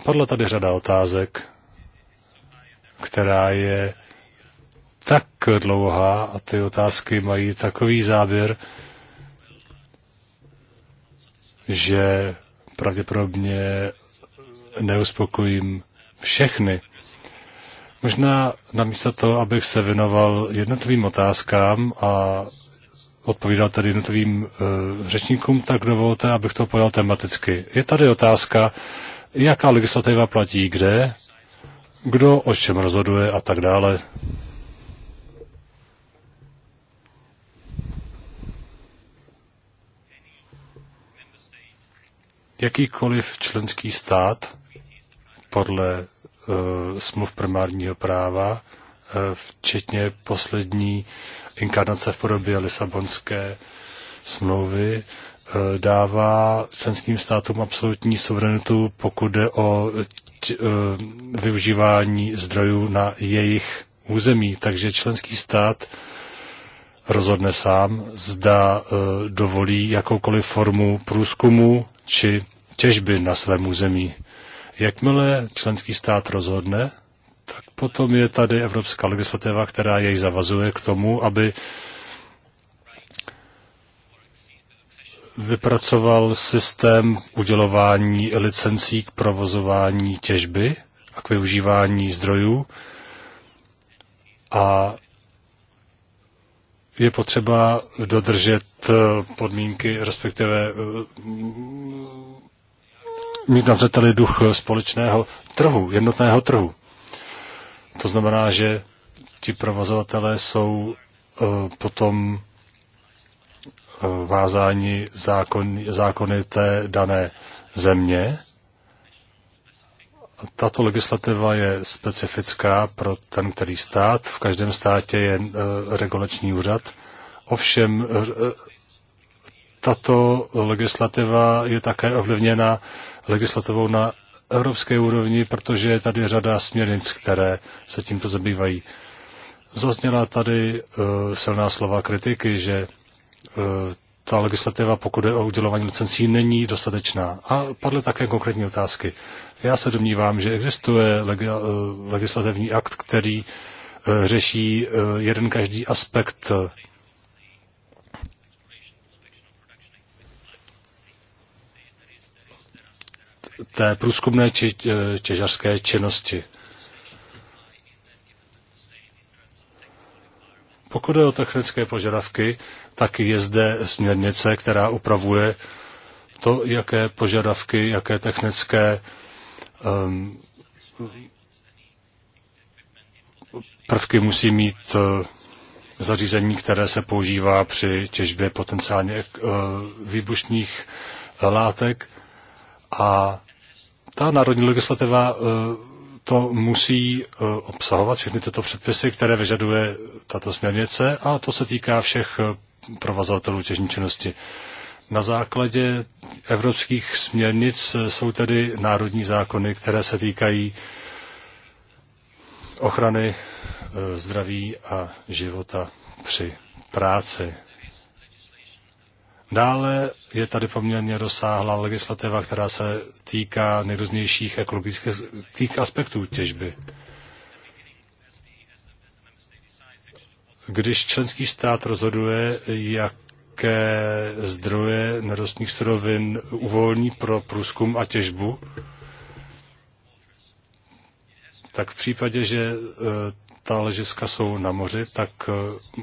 Padla tady řada otázek, která je tak dlouhá a ty otázky mají takový záběr, že pravděpodobně neuspokojím všechny. Možná namísto toho, abych se věnoval jednotlivým otázkám a odpovídal tady jednotlivým e, řečníkům, tak dovolte, abych to pojal tematicky. Je tady otázka, jaká legislativa platí kde, kdo o čem rozhoduje a tak dále. Jakýkoliv členský stát podle uh, smluv primárního práva, uh, včetně poslední inkarnace v podobě Lisabonské smlouvy, Eh, dává členským státům absolutní suverenitu, pokud jde o eh, využívání zdrojů na jejich území. Takže členský stát rozhodne sám, zda eh, dovolí jakoukoliv formu průzkumu či těžby na svém území. Jakmile členský stát rozhodne, tak potom je tady evropská legislativa, která jej zavazuje k tomu, aby vypracoval systém udělování licencí k provozování těžby a k využívání zdrojů a je potřeba dodržet eh, podmínky, respektive eh, mít na zřeteli duch společného trhu, jednotného trhu. To znamená, že ti provozovatelé jsou eh, potom vázání zákon, zákony té dané země. Tato legislativa je specifická pro ten, který stát. V každém státě je e, regulační úřad. Ovšem, e, tato legislativa je také ovlivněna legislativou na evropské úrovni, protože je tady řada směrnic, které se tímto zabývají. Zazněla tady uh, silná slova kritiky, že Eh, ta legislativa, pokud je o udělování licencí, není dostatečná. A padly také konkrétní otázky. Já se domnívám, že existuje eh, legislativní akt, který eh, řeší jeden každý aspekt té průzkumné či těžařské činnosti. Pokud je o technické požadavky, Taky je zde směrnice, která upravuje to, jaké požadavky, jaké technické um, prvky musí mít eh, zařízení, které se používá při těžbě potenciálně eh, výbušných eh, látek. A ta národní legislativa to musí obsahovat všechny tyto předpisy, které vyžaduje tato směrnice a to se týká všech provozovatelů těžní činnosti. Na základě evropských směrnic jsou tedy národní zákony, které se týkají ochrany e, zdraví a života při práci. Dále je tady poměrně rozsáhlá legislativa, která se týká nejrůznějších ekologických aspektů těžby. když členský stát rozhoduje, jaké zdroje nerostných surovin uvolní pro průzkum a těžbu, tak v případě, že e, ta ležiska jsou na moři, tak e,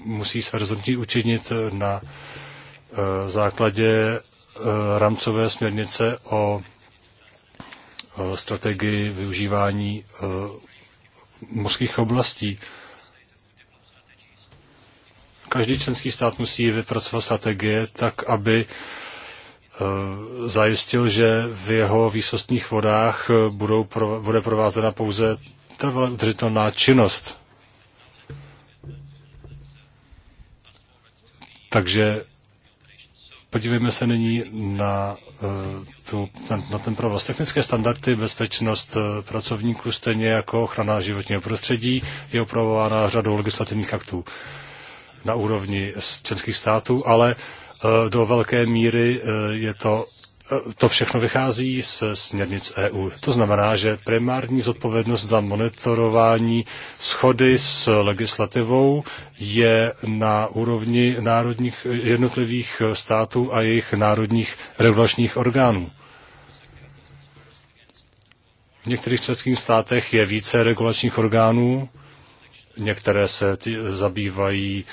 musí se rozhodnutí učinit e, na základě rámcové směrnice o strategii využívání mořských oblastí. Každý členský stát musí vypracovat strategie tak, aby eh, zajistil, že v jeho výsostných vodách eh, budou pro, bude provázena pouze trvalá udržitelná činnost. Takže podívejme se nyní na, eh, tu, na, na ten provoz. Technické standardy, bezpečnost pracovníků, stejně jako ochrana životního prostředí, je opravována řadou legislativních aktů na úrovni členských států, ale e, do velké míry e, je to e, to všechno vychází z směrnic EU. To znamená, že primární zodpovědnost za monitorování schody s legislativou je na úrovni národních jednotlivých států a jejich národních regulačních orgánů. V některých členských státech je více regulačních orgánů, Některé se tý, zabývají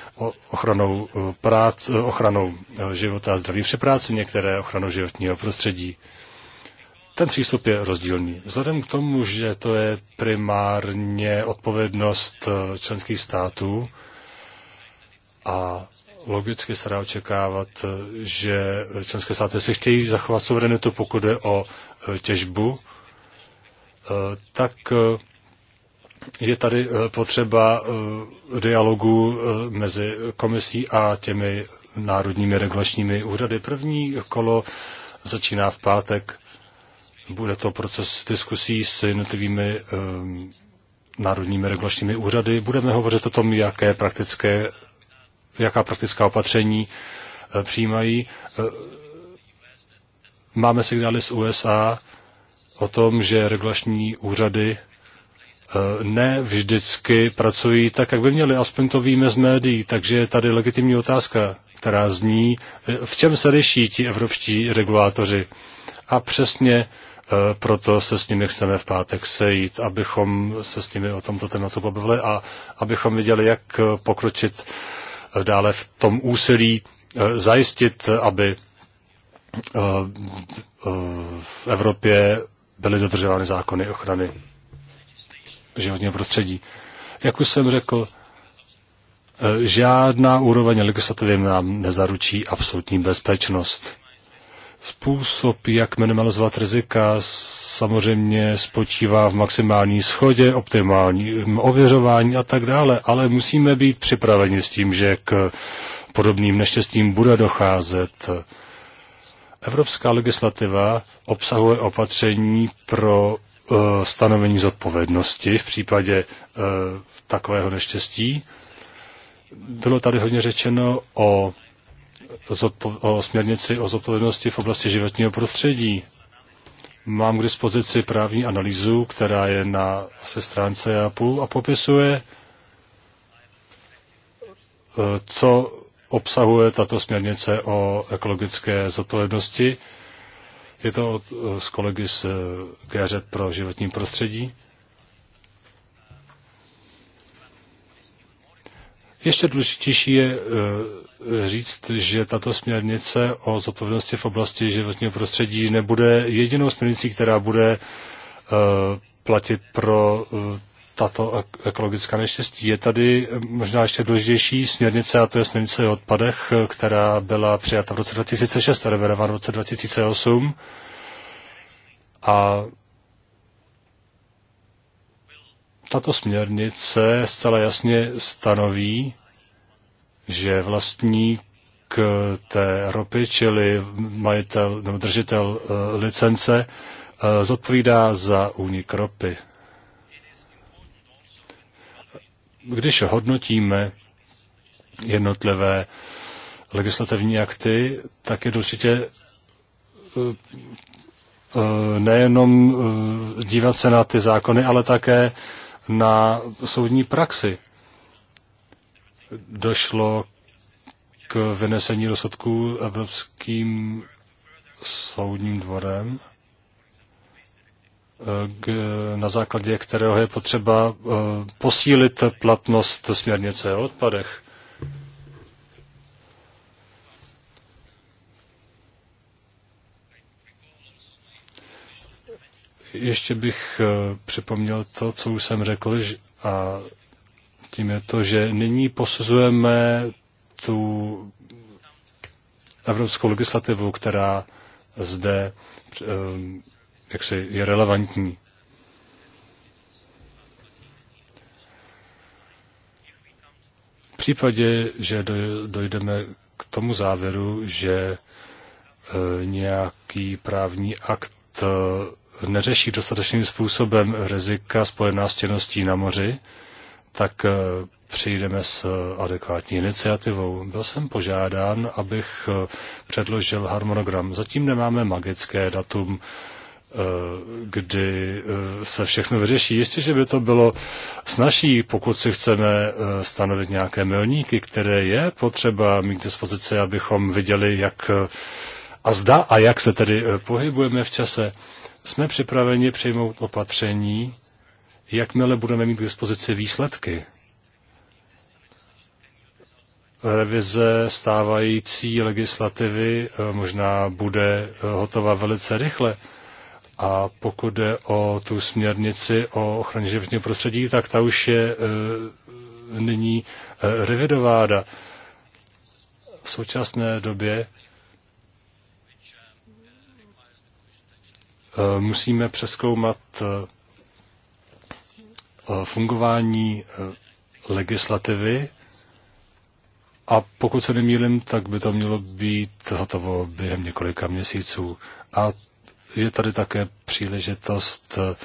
ochranou, eh, prác, eh, ochranou eh, života a zdraví při práci, některé ochranou životního prostředí. Ten přístup je rozdílný. Vzhledem k tomu, že to je primárně odpovědnost členských států a logicky se dá očekávat, že členské státy si chtějí zachovat suverenitu, pokud je o těžbu, tak je tady eh, potřeba eh, dialogu eh, mezi komisí a těmi národními regulačními úřady. První kolo začíná v pátek. Bude to proces diskusí s jednotlivými národními regulačními úřady. Budeme hovořit o tom, jaké praktické, jaká praktická opatření přijímají. Máme signály z USA o tom, že regulační úřady Eh, ne vždycky pracují tak, jak by měli, aspoň to víme z médií, takže je tady legitimní otázka, která zní, eh, v čem se liší ti evropští regulátoři. A přesně eh, proto se s nimi chceme v pátek sejít, abychom se s nimi o tomto tématu pobavili a abychom viděli, jak pokročit dále v tom úsilí zajistit, aby v Evropě byly dodržovány zákony ochrany životního prostředí. Jak už jsem řekl, eh, žádná úroveň legislativy nám nezaručí absolutní bezpečnost. Způsob, jak minimalizovat rizika, samozřejmě spočívá v maximální schodě, optimální mm, ověřování a tak dále, ale musíme být připraveni s tím, že k podobným neštěstím bude docházet. Evropská legislativa obsahuje opatření pro Eh, stanovení zodpovědnosti v případě eh, takového neštěstí. Bylo tady hodně řečeno o, o směrnici o zodpovědnosti v oblasti životního prostředí. Mám k dispozici právní analýzu, která je na se stránce půl a popisuje, eh, co obsahuje tato směrnice o ekologické zodpovědnosti je to od, z eh, kolegy z eh, GŘ e pro životní prostředí. Ještě důležitější je eh, říct, že tato směrnice o zodpovědnosti v oblasti životního prostředí nebude jedinou směrnicí, která bude platit pro tato ekologická neštěstí. Je tady eh, možná ještě důležitější směrnice, a to je směrnice o odpadech, eh, která byla přijata v roce 2006 a revedována v roce 2008. A tato směrnice zcela jasně stanoví, že vlastník eh, té ropy, čili majitel nebo držitel licence, zodpovídá za únik ropy. když hodnotíme jednotlivé legislativní akty, tak je určitě eh, eh, nejenom eh, dívat se na ty zákony, ale také na soudní praxi. Došlo k vynesení rozsudků Evropským soudním dvorem k, na základě kterého je potřeba eh, posílit platnost směrnice o odpadech. Ještě bych eh, připomněl to, co už jsem řekl, a tím je to, že nyní posuzujeme tu evropskou legislativu, která zde eh, jaksi je relevantní. V případě, že dojdeme k tomu závěru, že e, nějaký právní akt e, neřeší dostatečným způsobem rizika spojená s činností na moři, tak e, přijdeme s adekvátní iniciativou. Byl jsem požádán, abych předložil harmonogram. Zatím nemáme magické datum, Eh, kdy eh, se všechno vyřeší. Jistě, že by to bylo snažší, pokud si chceme eh, stanovit nějaké milníky, které je potřeba mít k dispozici, abychom viděli, jak a zda a jak se tedy pohybujeme v čase. Jsme připraveni přijmout opatření, jakmile budeme mít k dispozici výsledky. Revize stávající legislativy možná bude hotová velice rychle a pokud jde o tu směrnici o ochraně životního prostředí, tak ta už je e, nyní e, revidována. V současné době e, musíme přeskoumat e, e fungování e, legislativy a pokud se nemýlím, tak by to mělo být hotovo během několika měsíců. A je tady také příležitost eh,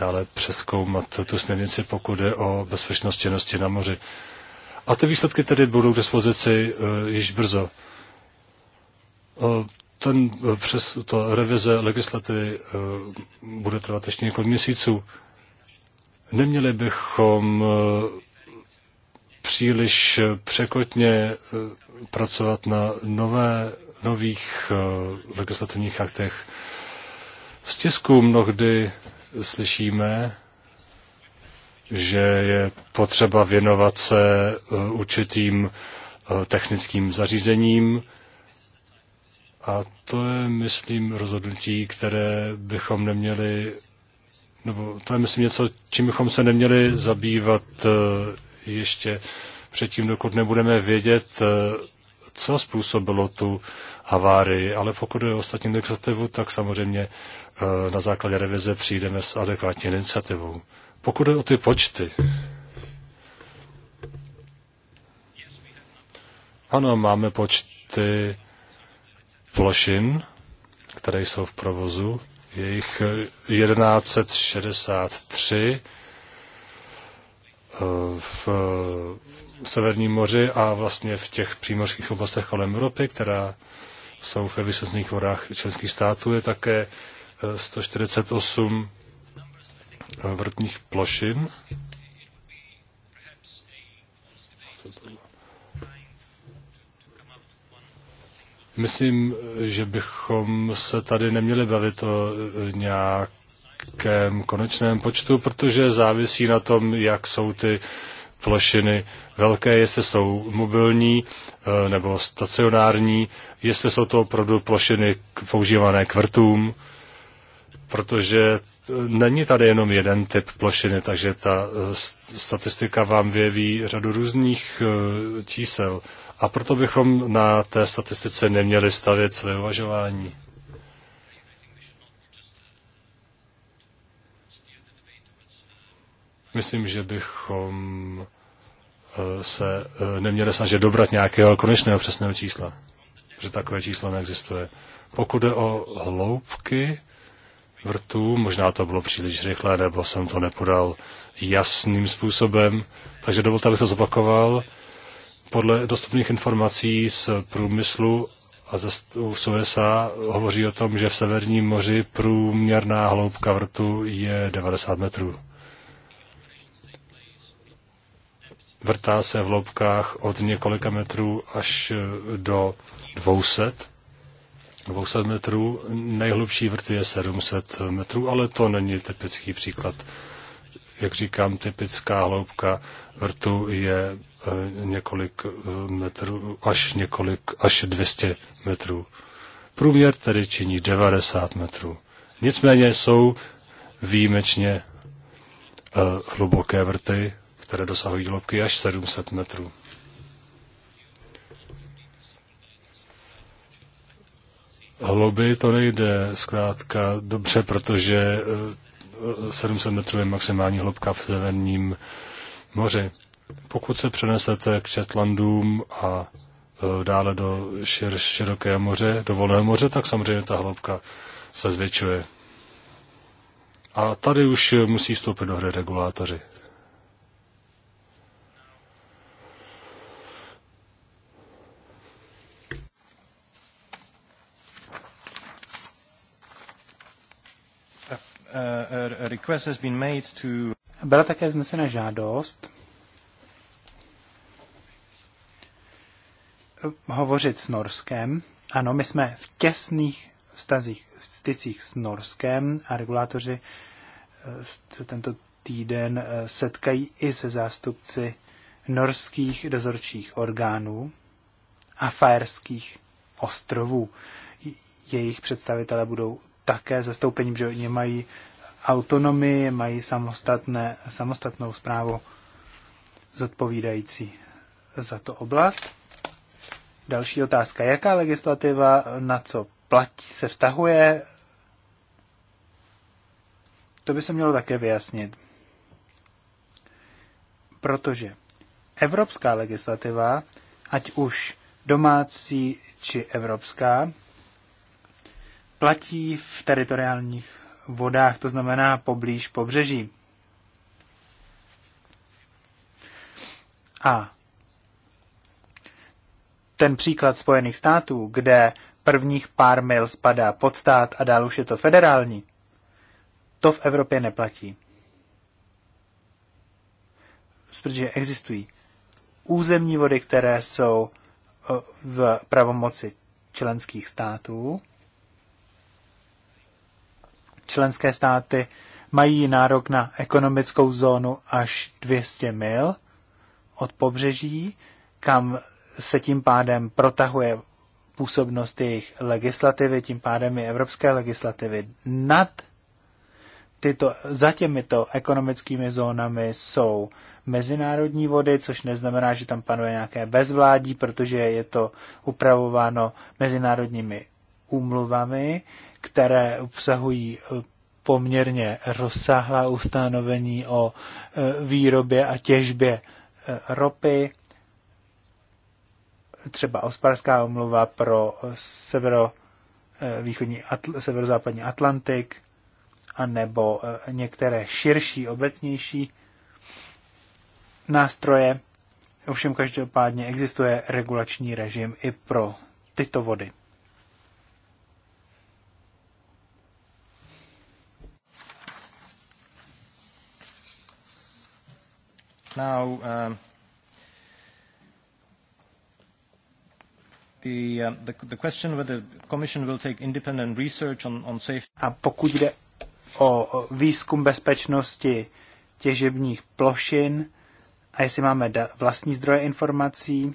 dále přeskoumat tu směrnici, pokud je o bezpečnost činnosti na moři. A ty výsledky tedy budou k dispozici eh, již brzo. Eh, ten, přes to revize legislativy bude trvat ještě několik měsíců. Neměli bychom příliš překotně pracovat na nové, nových legislativních aktech. Z tisku mnohdy slyšíme, že je potřeba věnovat se eh, určitým eh, technickým zařízením a to je, myslím, rozhodnutí, které bychom neměli, nebo to je, myslím, něco, čím bychom se neměli zabývat eh, ještě předtím, dokud nebudeme vědět, co způsobilo tu havárii, ale pokud je ostatní legislativu, tak samozřejmě Eh, na základě revize přijdeme s adekvátní iniciativou. Pokud jde o ty počty, ano, máme počty plošin, které jsou v provozu, je jich 1163 eh, eh, v Severním moři a vlastně v těch přímořských oblastech kolem Evropy, která jsou ve vysokých vodách členských států, je také 148 vrtných plošin. Myslím, že bychom se tady neměli bavit o nějakém konečném počtu, protože závisí na tom, jak jsou ty plošiny velké, jestli jsou mobilní eh, nebo stacionární, jestli jsou to opravdu plošiny používané k vrtům, protože není tady jenom jeden typ plošiny, takže ta eh, statistika vám vyjeví řadu různých eh, čísel. A proto bychom na té statistice neměli stavět své uvažování. Myslím, že bychom eh, se neměli snažit dobrat nějakého konečného přesného čísla, že takové číslo neexistuje. Pokud je o hloubky, vrtů. Možná to bylo příliš rychlé, nebo jsem to nepodal jasným způsobem. Takže dovolte, abych to zopakoval. Podle dostupných informací z průmyslu a ze USA hovoří o tom, že v Severním moři průměrná hloubka vrtu je 90 metrů. Vrtá se v hloubkách od několika metrů až do 200 200 metrů, nejhlubší vrt je 700 metrů, ale to není typický příklad. Jak říkám, typická hloubka vrtu je eh, několik eh, metrů, až několik, až 200 metrů. Průměr tedy činí 90 metrů. Nicméně jsou výjimečně eh, hluboké vrty, které dosahují hloubky až 700 metrů. Hloby to nejde zkrátka dobře, protože 700 eh, metrů je maximální hloubka v severním moři. Pokud se přenesete k Četlandům a eh, dále do šir, širokého moře, do volného moře, tak samozřejmě ta hloubka se zvětšuje. A tady už musí vstoupit do hry regulátoři. request has been made to... Byla také znesena žádost hovořit s Norskem. Ano, my jsme v těsných vztazích, stycích s Norskem a regulátoři eh, se tento týden eh, setkají i se zástupci norských dozorčích orgánů a fajerských ostrovů. Jejich představitelé budou také zastoupením, že oni mají autonomii, mají samostatné, samostatnou zprávu zodpovídající za to oblast. Další otázka. Jaká legislativa na co platí, se vztahuje? To by se mělo také vyjasnit. Protože evropská legislativa, ať už domácí či evropská, platí v teritoriálních vodách, to znamená poblíž pobřeží. A ten příklad Spojených států, kde prvních pár mil spadá pod stát a dál už je to federální, to v Evropě neplatí. Protože existují územní vody, které jsou eh, v pravomoci členských států členské státy mají nárok na ekonomickou zónu až 200 mil od pobřeží, kam se tím pádem protahuje působnost jejich legislativy, tím pádem i evropské legislativy. Nad tyto, za těmito ekonomickými zónami jsou mezinárodní vody, což neznamená, že tam panuje nějaké bezvládí, protože je to upravováno mezinárodními úmluvami, které obsahují eh, poměrně rozsáhlá ustanovení o eh, výrobě a těžbě eh, ropy, třeba Osparská umluva pro severo, východní, atl, severozápadní Atlantik, anebo některé širší, obecnější nástroje. Ovšem každopádně existuje regulační režim i pro tyto vody. now um, the, uh, the, the question whether the Commission will take independent research on, on safety. A pokud jde o výzkum bezpečnosti těžebních plošin a jestli máme vlastní zdroje informací,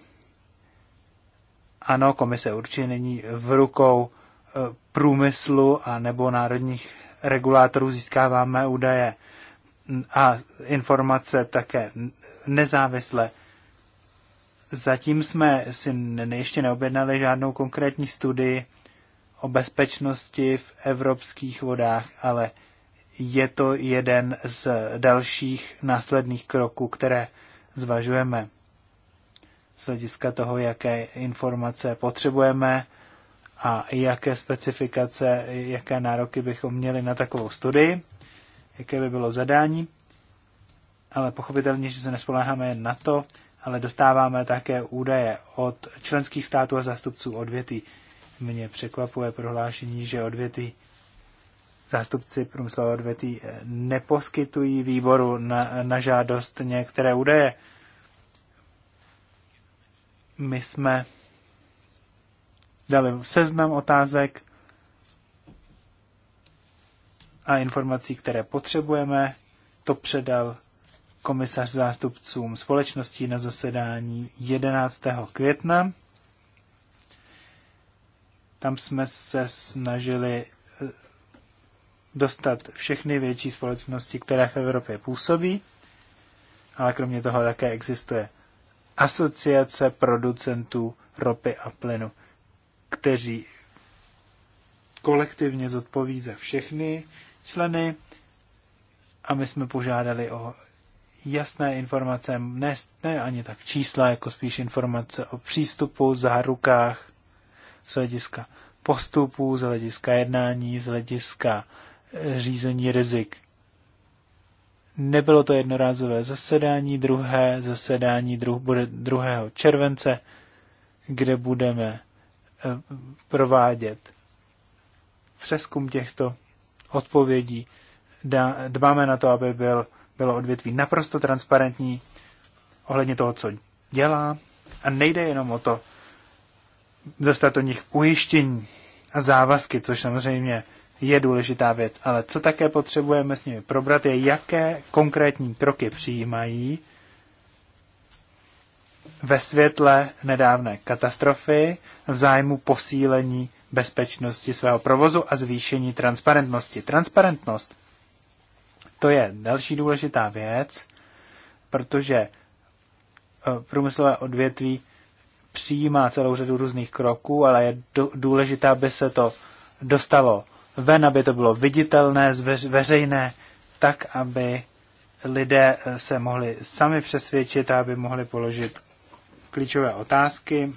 ano, komise určitě není v rukou e, průmyslu a nebo národních regulátorů získáváme údaje a informace také nezávisle. Zatím jsme si ještě neobjednali žádnou konkrétní studii o bezpečnosti v evropských vodách, ale je to jeden z dalších následných kroků, které zvažujeme z hlediska toho, jaké informace potřebujeme a jaké specifikace, jaké nároky bychom měli na takovou studii jaké by bylo zadání, ale pochopitelně, že se nespoléháme jen na to, ale dostáváme také údaje od členských států a zástupců odvětví. Mně překvapuje prohlášení, že odvětví zástupci průmyslové odvětví eh, neposkytují výboru na, na žádost některé údaje. My jsme dali seznam otázek, a informací, které potřebujeme. To předal komisař zástupcům společností na zasedání 11. května. Tam jsme se snažili eh, dostat všechny větší společnosti, které v Evropě působí, ale kromě toho také existuje asociace producentů ropy a plynu, kteří kolektivně zodpoví za všechny členy a my jsme požádali o jasné informace, ne, ne ani tak čísla, jako spíš informace o přístupu, zárukách z hlediska postupů, z hlediska jednání, z hlediska eh, řízení rizik. Nebylo to jednorázové zasedání, druhé zasedání druh, bude 2. července, kde budeme eh, provádět přeskum těchto odpovědí. Dbáme na to, aby byl, bylo odvětví naprosto transparentní ohledně toho, co dělá. A nejde jenom o to dostat od nich ujištění a závazky, což samozřejmě je důležitá věc, ale co také potřebujeme s nimi probrat, je, jaké konkrétní kroky přijímají ve světle nedávné katastrofy v zájmu posílení bezpečnosti svého provozu a zvýšení transparentnosti. Transparentnost to je další důležitá věc, protože eh, průmyslové odvětví přijímá celou řadu různých kroků, ale je důležité, aby se to dostalo ven, aby to bylo viditelné, veřejné, tak, aby lidé eh, se mohli sami přesvědčit a aby mohli položit klíčové otázky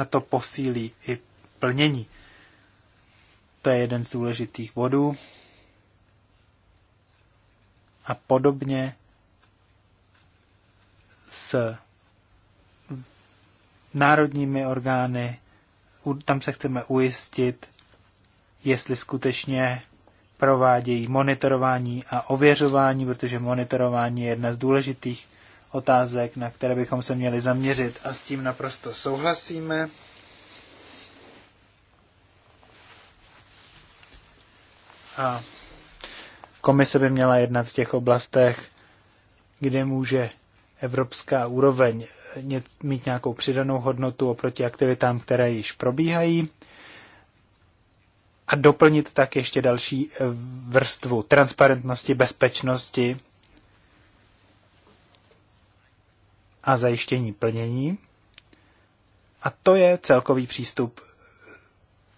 a to posílí i plnění. To je jeden z důležitých bodů. A podobně s národními orgány, tam se chceme ujistit, jestli skutečně provádějí monitorování a ověřování, protože monitorování je jedna z důležitých otázek, na které bychom se měli zaměřit a s tím naprosto souhlasíme. A komise by měla jednat v těch oblastech, kde může evropská úroveň mít nějakou přidanou hodnotu oproti aktivitám, které již probíhají a doplnit tak ještě další vrstvu transparentnosti, bezpečnosti a zajištění plnění. A to je celkový přístup,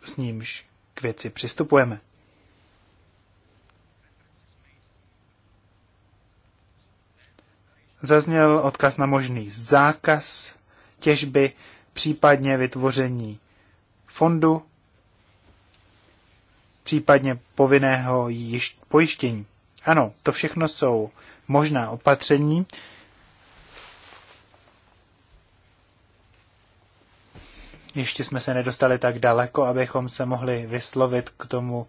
s nímž k věci přistupujeme. Zazněl odkaz na možný zákaz těžby, případně vytvoření fondu, případně povinného pojištění. Ano, to všechno jsou možná opatření, ještě jsme se nedostali tak daleko, abychom se mohli vyslovit k tomu,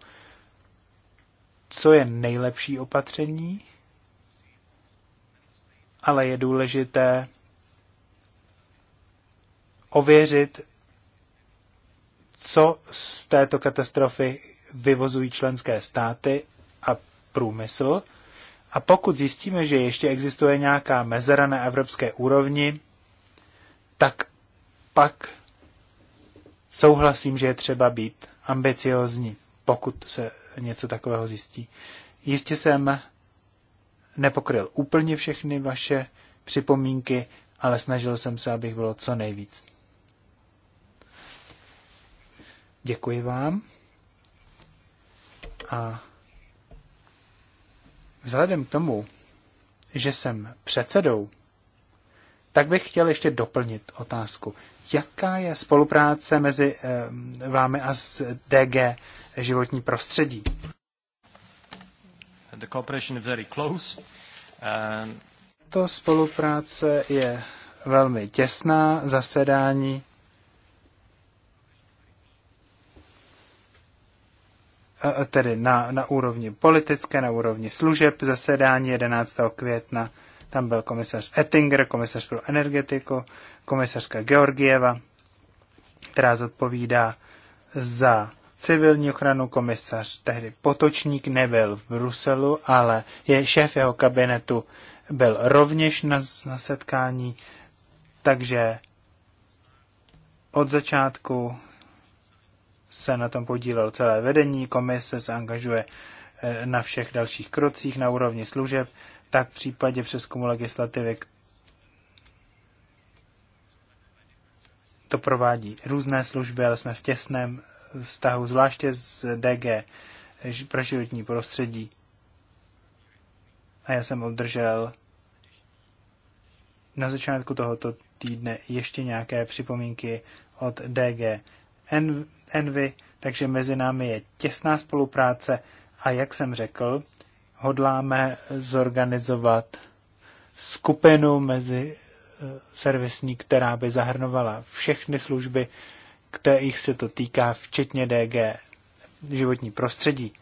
co je nejlepší opatření, ale je důležité ověřit, co z této katastrofy vyvozují členské státy a průmysl. A pokud zjistíme, že ještě existuje nějaká mezera na evropské úrovni, tak pak souhlasím, že je třeba být ambiciozní, pokud se něco takového zjistí. Jistě jsem nepokryl úplně všechny vaše připomínky, ale snažil jsem se, abych bylo co nejvíc. Děkuji vám. A vzhledem k tomu, že jsem předsedou tak bych chtěl ještě doplnit otázku. Jaká je spolupráce mezi eh, vámi a s DG životní prostředí? The cooperation is very close. To spolupráce je velmi těsná, zasedání eh, eh, tedy na, na úrovni politické, na úrovni služeb, zasedání 11. května tam byl komisař Ettinger, komisař pro energetiku, komisařka Georgieva, která zodpovídá za civilní ochranu komisař, tehdy Potočník nebyl v Bruselu, ale je šéf jeho kabinetu byl rovněž na, na setkání, takže od začátku se na tom podílel celé vedení, komise se angažuje eh, na všech dalších krocích na úrovni služeb, tak v případě přeskumu legislativy to provádí různé služby, ale jsme v těsném vztahu, zvláště s DG pro životní prostředí. A já jsem obdržel na začátku tohoto týdne ještě nějaké připomínky od DG Envy, takže mezi námi je těsná spolupráce a jak jsem řekl, hodláme zorganizovat skupinu mezi eh, servisní, která by zahrnovala všechny služby, kterých se to týká, včetně DG životní prostředí.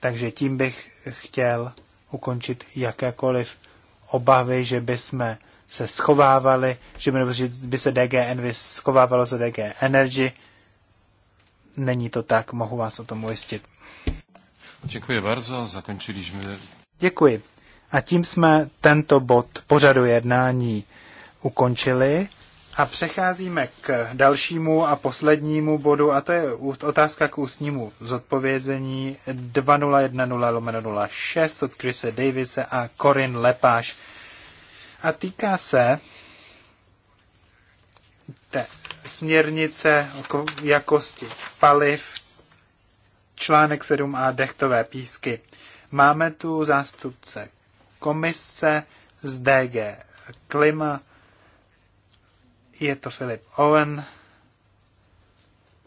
Takže tím bych chtěl ukončit jakékoliv obavy, že by jsme se schovávali, že by, že by se DG Envy schovávalo za DG Energy. Není to tak, mohu vás o tom ujistit. Děkuji bardzo, jsme. Děkuji. A tím jsme tento bod pořadu jednání ukončili a přecházíme k dalšímu a poslednímu bodu a to je otázka k ústnímu zodpovězení 2010 06 od Chrise Davise a Corin Lepáš. A týká se té směrnice o jakosti paliv článek 7a dechtové písky. Máme tu zástupce komise z DG Klima, je to Filip Owen,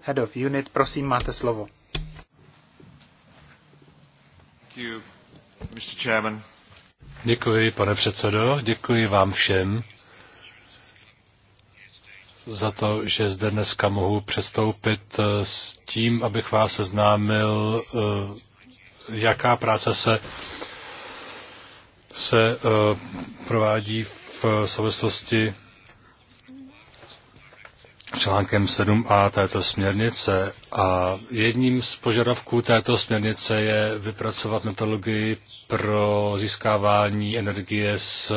Head of Unit, prosím, máte slovo. Děkuji, pane předsedo, děkuji vám všem za to, že zde dneska mohu přestoupit eh, s tím, abych vás seznámil, eh, jaká práce se, se eh, provádí v souvislosti článkem 7a této směrnice. A jedním z požadavků této směrnice je vypracovat metodologii pro získávání energie z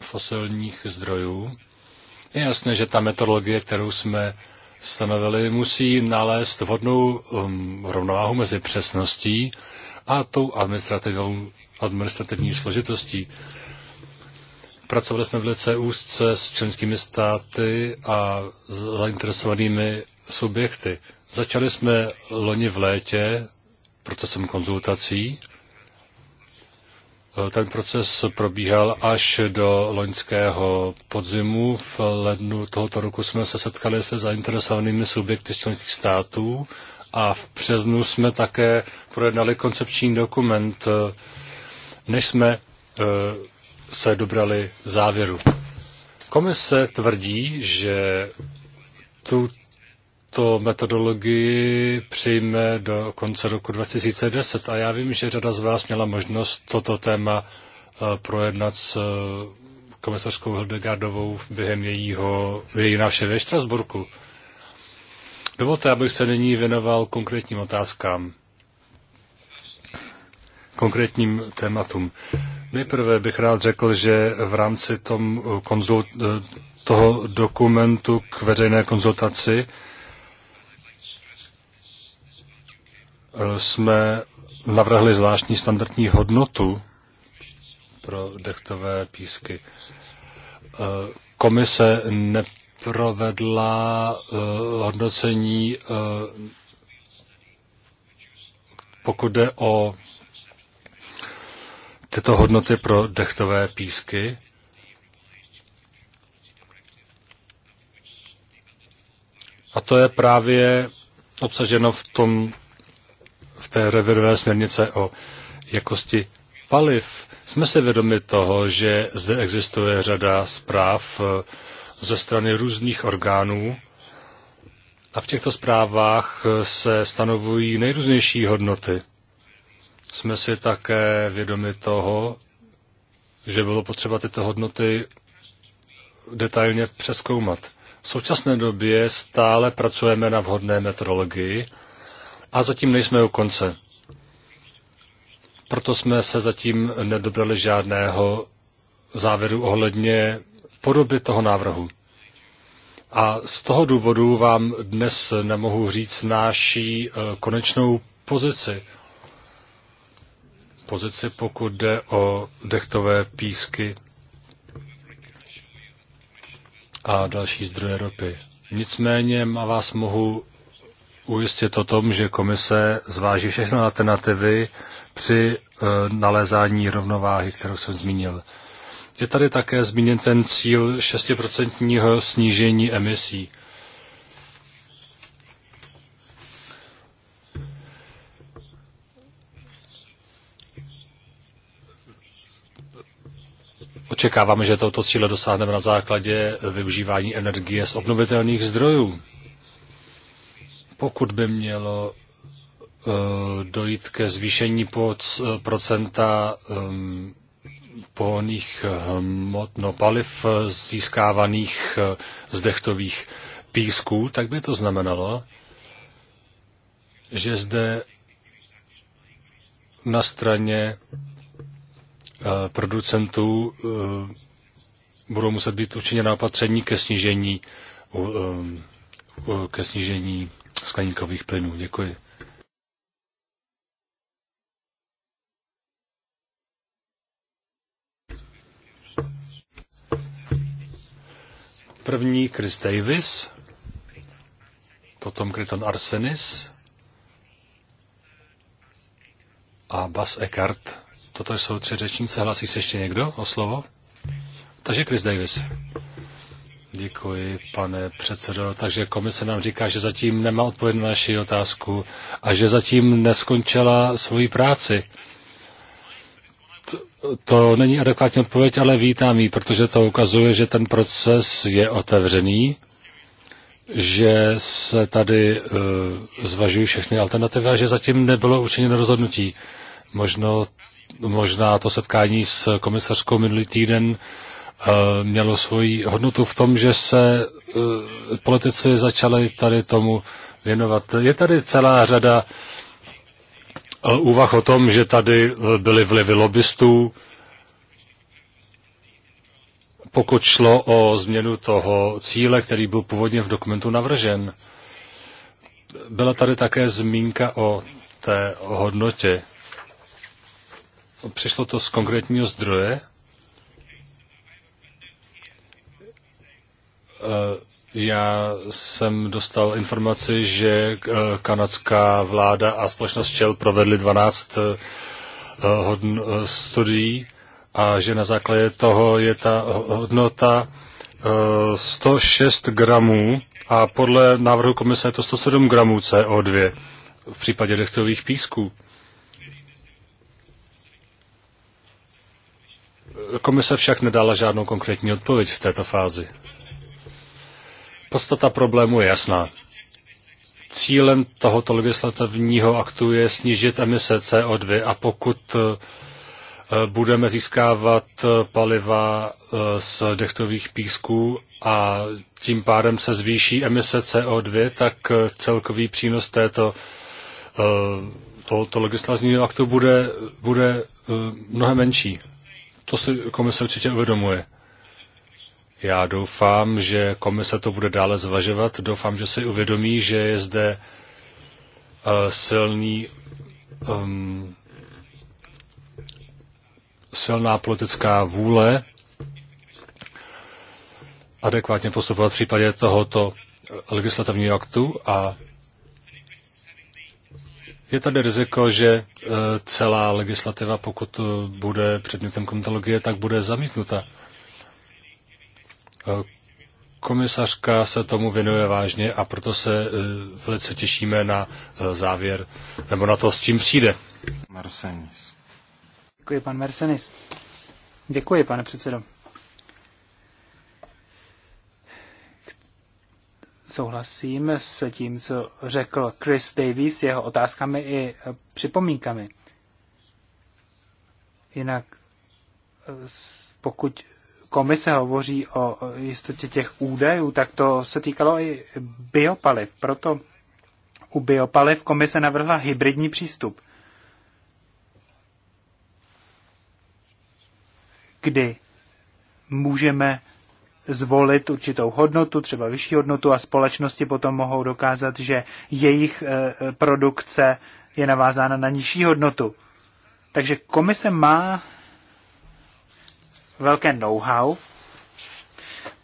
fosilních zdrojů. Je jasné, že ta metodologie, kterou jsme stanovili, musí nalézt vhodnou um, rovnováhu mezi přesností a tou administrativní, administrativní složitostí. Pracovali jsme velice úzce s členskými státy a zainteresovanými subjekty. Začali jsme loni v létě procesem konzultací Eh, ten proces probíhal až do loňského podzimu. V lednu tohoto roku jsme se setkali se zainteresovanými subjekty z členských států a v březnu jsme také projednali koncepční dokument, eh, než jsme eh, se dobrali závěru. Komise tvrdí, že tu tuto metodologii přijme do konce roku 2010 a já vím, že řada z vás měla možnost toto téma eh, projednat s eh, komisařskou Hildegardovou během jejího, její návštěvy ve Štrasburku. Dovolte, abych se nyní věnoval konkrétním otázkám, konkrétním tématům. Nejprve bych rád řekl, že v rámci tom konzult, eh, toho dokumentu k veřejné konzultaci jsme navrhli zvláštní standardní hodnotu pro dechtové písky. E, komise neprovedla e, hodnocení, e, pokud jde o tyto hodnoty pro dechtové písky. A to je právě obsaženo v tom v té revidové směrnice o jakosti paliv. Jsme si vědomi toho, že zde existuje řada zpráv eh, ze strany různých orgánů a v těchto zprávách eh, se stanovují nejrůznější hodnoty. Jsme si také vědomi toho, že bylo potřeba tyto hodnoty detailně přeskoumat. V současné době stále pracujeme na vhodné metodologii a zatím nejsme u konce. Proto jsme se zatím nedobrali žádného závěru ohledně podoby toho návrhu. A z toho důvodu vám dnes nemohu říct naší eh, konečnou pozici. Pozici, pokud jde o dechtové písky a další zdroje ropy. Nicméně a vás mohu ujistit o tom, že komise zváží všechny alternativy při eh, nalézání rovnováhy, kterou jsem zmínil. Je tady také zmíněn ten cíl 6% snížení emisí. Očekáváme, že tohoto cíle dosáhneme na základě využívání energie z obnovitelných zdrojů pokud by mělo eh, dojít ke zvýšení eh, procenta ehm, pohoných eh, hmot, no paliv získávaných z dechtových písků, tak by to znamenalo, že zde na straně producentů budou muset být učiněna opatření ke snížení ke snížení skleníkových plynů. Děkuji. První Chris Davis, potom Kryton Arsenis a Bas Eckart. Toto jsou tři řečnice. Hlasí se ještě někdo o slovo? Takže Chris Davis. Děkuji, pane předsedo. Takže komise nám říká, že zatím nemá odpověď na naši otázku a že zatím neskončila svoji práci. To, to není adekvátní odpověď, ale vítám ji, protože to ukazuje, že ten proces je otevřený, že se tady uh, zvažují všechny alternativy a že zatím nebylo učiněno rozhodnutí. Možno, možná to setkání s komisařkou minulý týden uh, Eh, mělo svoji hodnotu v tom, že se eh, politici začali tady tomu věnovat. Je tady celá řada eh, úvah o tom, že tady byly vlivy lobbystů, pokud šlo o změnu toho cíle, který byl původně v dokumentu navržen. Byla tady také zmínka o té hodnotě. Přišlo to z konkrétního zdroje? Eh, já jsem dostal informaci, že eh, kanadská vláda a společnost Shell provedly 12 eh, hodn studií a že na základě toho je ta hodnota 106 gramů a podle návrhu komise je to 107 gramů CO2 v případě dechtových písků. Komise však nedala žádnou konkrétní odpověď v této fázi. Podstata problému je jasná. Cílem tohoto legislativního aktu je snížit emise CO2 a pokud eh, budeme získávat eh, paliva eh, z dechtových písků a tím pádem se zvýší emise CO2, tak celkový přínos této tohoto legislativního aktu bude, bude mnohem menší. To si komise určitě uvědomuje. Já doufám, že komise to bude dále zvažovat. Doufám, že si uvědomí, že je zde uh, silný, um, silná politická vůle adekvátně postupovat v případě tohoto legislativního aktu a je tady riziko, že eh, celá legislativa, pokud eh, bude předmětem komitologie, tak bude zamítnuta. Komisařka se tomu věnuje vážně a proto se eh, velice těšíme na eh, závěr, nebo na to, s čím přijde. Marsenis. Děkuji, pan Mersenis. Děkuji, pane předsedo. Souhlasím s tím, co řekl Chris Davies, jeho otázkami i eh, připomínkami. Jinak pokud komise hovoří o jistotě těch údajů, tak to se týkalo i biopaliv. Proto u biopaliv komise navrhla hybridní přístup, kdy můžeme zvolit určitou hodnotu, třeba vyšší hodnotu a společnosti potom mohou dokázat, že jejich eh, produkce je navázána na nižší hodnotu. Takže komise má velké know-how.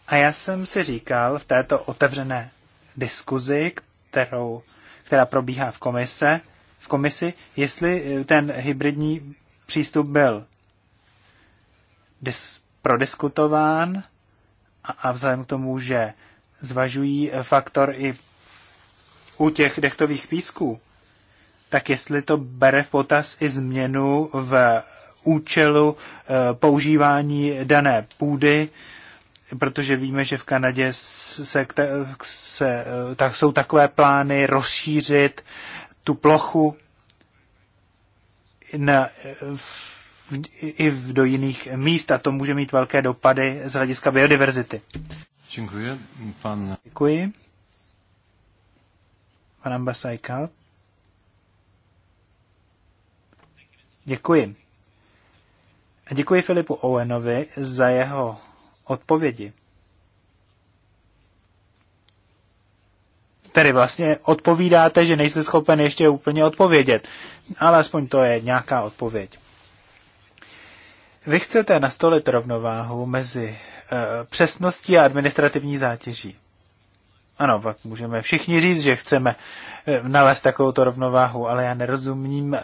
A já jsem si říkal v této otevřené diskuzi, kterou, která probíhá v komise, v komisi, jestli eh, ten hybridní přístup byl dis- prodiskutován a, a vzhledem k tomu, že zvažují eh, faktor i u těch dechtových písků, tak jestli to bere v potaz i změnu v účelu eh, používání dané půdy, protože víme, že v Kanadě se, se, eh, tak jsou takové plány rozšířit tu plochu na, v, i v, do jiných míst a to může mít velké dopady z hlediska biodiverzity. Děkuji. Pan... Děkuji. Pan ambasajka. Děkuji děkuji Filipu Owenovi za jeho odpovědi. Tedy vlastně odpovídáte, že nejste schopen ještě úplně odpovědět, ale aspoň to je nějaká odpověď. Vy chcete nastolit rovnováhu mezi e, přesností a administrativní zátěží. Ano, pak můžeme všichni říct, že chceme e, nalézt takovouto rovnováhu, ale já nerozumím e,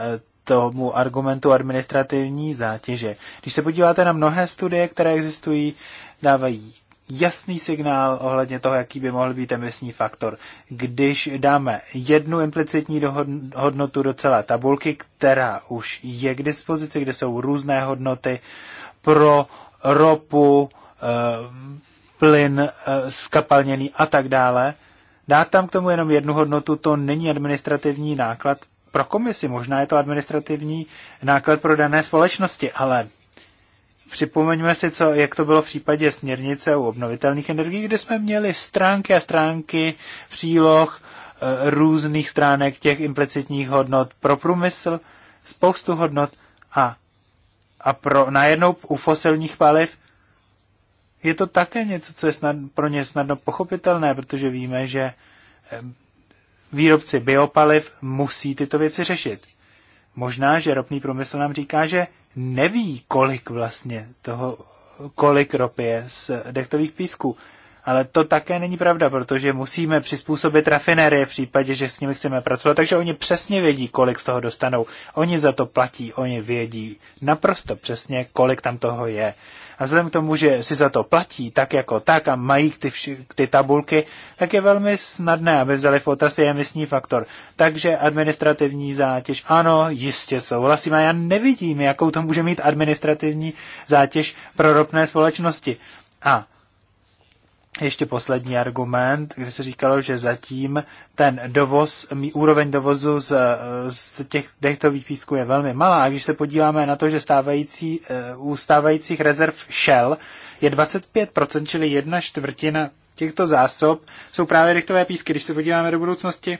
tomu argumentu administrativní zátěže. Když se podíváte na mnohé studie, které existují, dávají jasný signál ohledně toho, jaký by mohl být emisní faktor. Když dáme jednu implicitní hodnotu do celé tabulky, která už je k dispozici, kde jsou různé hodnoty pro ropu, eh, plyn eh, skapalněný a tak dále, dát tam k tomu jenom jednu hodnotu, to není administrativní náklad, pro komisi, možná je to administrativní náklad pro dané společnosti, ale připomeňme si, co, jak to bylo v případě směrnice u obnovitelných energií, kde jsme měli stránky a stránky příloh e, různých stránek těch implicitních hodnot pro průmysl, spoustu hodnot a, a pro najednou u fosilních paliv je to také něco, co je snad, pro ně snadno pochopitelné, protože víme, že výrobci biopaliv musí tyto věci řešit. Možná, že ropný průmysl nám říká, že neví, kolik vlastně toho, kolik ropy je z dechtových písků. Ale to také není pravda, protože musíme přizpůsobit rafinérie v případě, že s nimi chceme pracovat, takže oni přesně vědí, kolik z toho dostanou. Oni za to platí, oni vědí naprosto přesně, kolik tam toho je. A vzhledem k tomu, že si za to platí tak jako tak a mají ty, vši, ty tabulky, tak je velmi snadné, aby vzali v potaz i emisní faktor. Takže administrativní zátěž, ano, jistě souhlasím. A já nevidím, jakou to může mít administrativní zátěž pro ropné společnosti. A ještě poslední argument, kde se říkalo, že zatím ten dovoz, úroveň dovozu z, z těch dechtových písků je velmi malá. A když se podíváme na to, že stávající, eh, u stávajících rezerv Shell je 25%, čili jedna čtvrtina těchto zásob jsou právě dechtové písky. Když se podíváme do budoucnosti,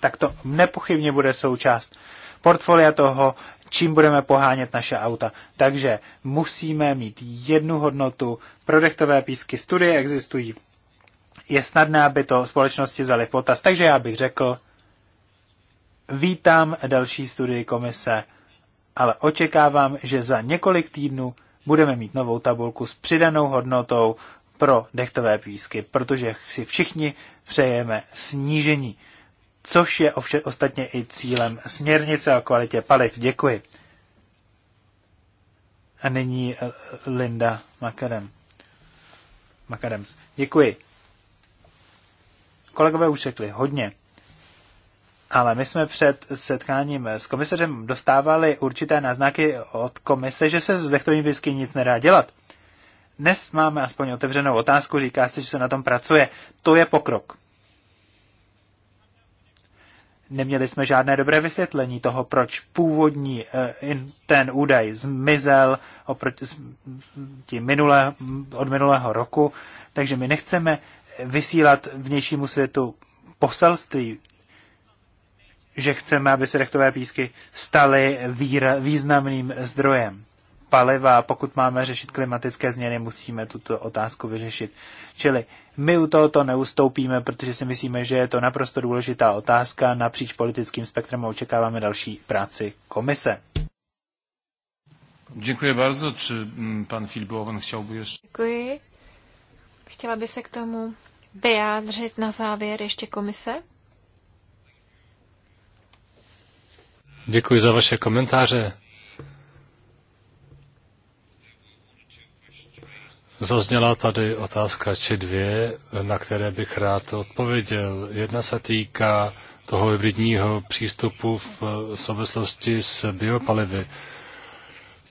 tak to nepochybně bude součást portfolia toho čím budeme pohánět naše auta. Takže musíme mít jednu hodnotu. Prodechtové písky studie existují. Je snadné, aby to společnosti vzali v potaz. Takže já bych řekl, vítám další studii komise, ale očekávám, že za několik týdnů budeme mít novou tabulku s přidanou hodnotou pro dechtové písky, protože si všichni přejeme snížení což je ovšem ostatně i cílem směrnice o kvalitě paliv. Děkuji. A nyní eh, Linda Makarem. Makarems. Děkuji. Kolegové už řekli hodně, ale my jsme před setkáním s komisařem dostávali určité náznaky od komise, že se s dechtovým whisky nic nedá dělat. Dnes máme aspoň otevřenou otázku, říká se, že se na tom pracuje. To je pokrok neměli jsme žádné dobré vysvětlení toho, proč původní eh, ten údaj zmizel oproti, minulé, od minulého roku, takže my nechceme vysílat vnějšímu světu poselství, že chceme, aby se rechtové písky staly významným zdrojem paliva. Pokud máme řešit klimatické změny, musíme tuto otázku vyřešit. Čili my u tohoto neustoupíme, protože si myslíme, že je to naprosto důležitá otázka. Napříč politickým spektrem a očekáváme další práci komise. Děkuji bardzo. Czy mm, pan Filbovan chciałby ještě... Děkuji. Chtěla by se k tomu vyjádřit na závěr ještě komise? Děkuji za vaše komentáře. Zazněla tady otázka či dvě, na které bych rád odpověděl. Jedna se týká toho hybridního přístupu v souvislosti s biopalivy.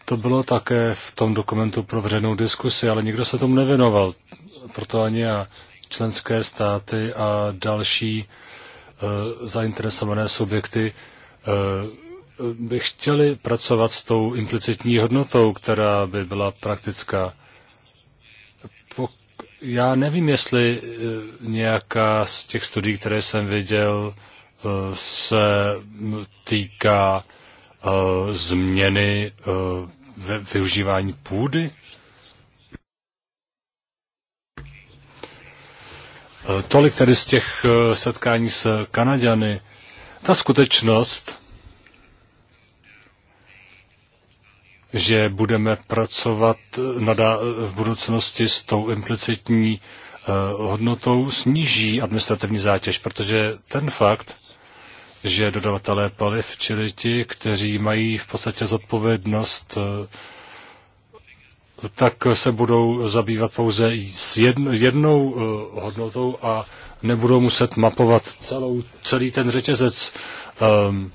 To bylo také v tom dokumentu pro veřejnou diskusi, ale nikdo se tomu nevěnoval. Proto ani a členské státy a další e, zainteresované subjekty e, by chtěli pracovat s tou implicitní hodnotou, která by byla praktická. Já nevím, jestli eh, nějaká z těch studií, které jsem viděl, eh, se týká eh, změny ve využívání půdy. Tolik tedy z těch setkání s Kanaďany. Ta skutečnost, že budeme pracovat nadá, v budoucnosti s tou implicitní eh, hodnotou, sníží administrativní zátěž, protože ten fakt, že dodavatelé paliv, čili ti, kteří mají v podstatě zodpovědnost, eh, tak se budou zabývat pouze s jednou eh, hodnotou a nebudou muset mapovat celou, celý ten řetězec um,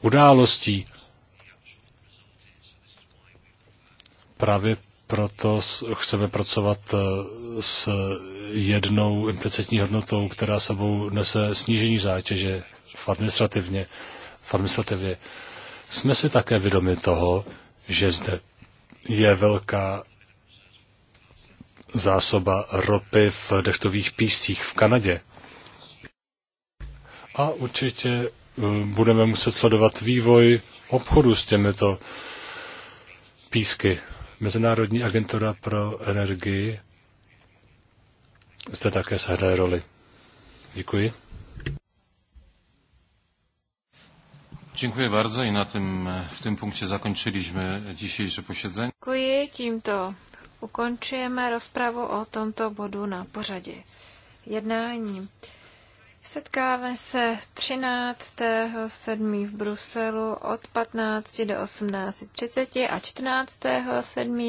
událostí. právě proto chceme pracovat eh, s jednou implicitní hodnotou, která sebou nese snížení zátěže v, administrativně, v administrativě. Jsme si také vědomi toho, že zde je velká zásoba ropy v deštových píscích v Kanadě. A určitě eh, budeme muset sledovat vývoj obchodu s těmito písky. Mezinárodní agentura pro energii zde také sehraje roli. Děkuji. Dziękuję bardzo i na tym, w tym punkcie zakończyliśmy dzisiejsze posiedzenie. Dziękuję. Tímto ukončujeme rozpravu o tomto bodu na pořadě jednání. Setkáme se 13. 7. v Bruselu od 15 do 18.30 a 14. 7.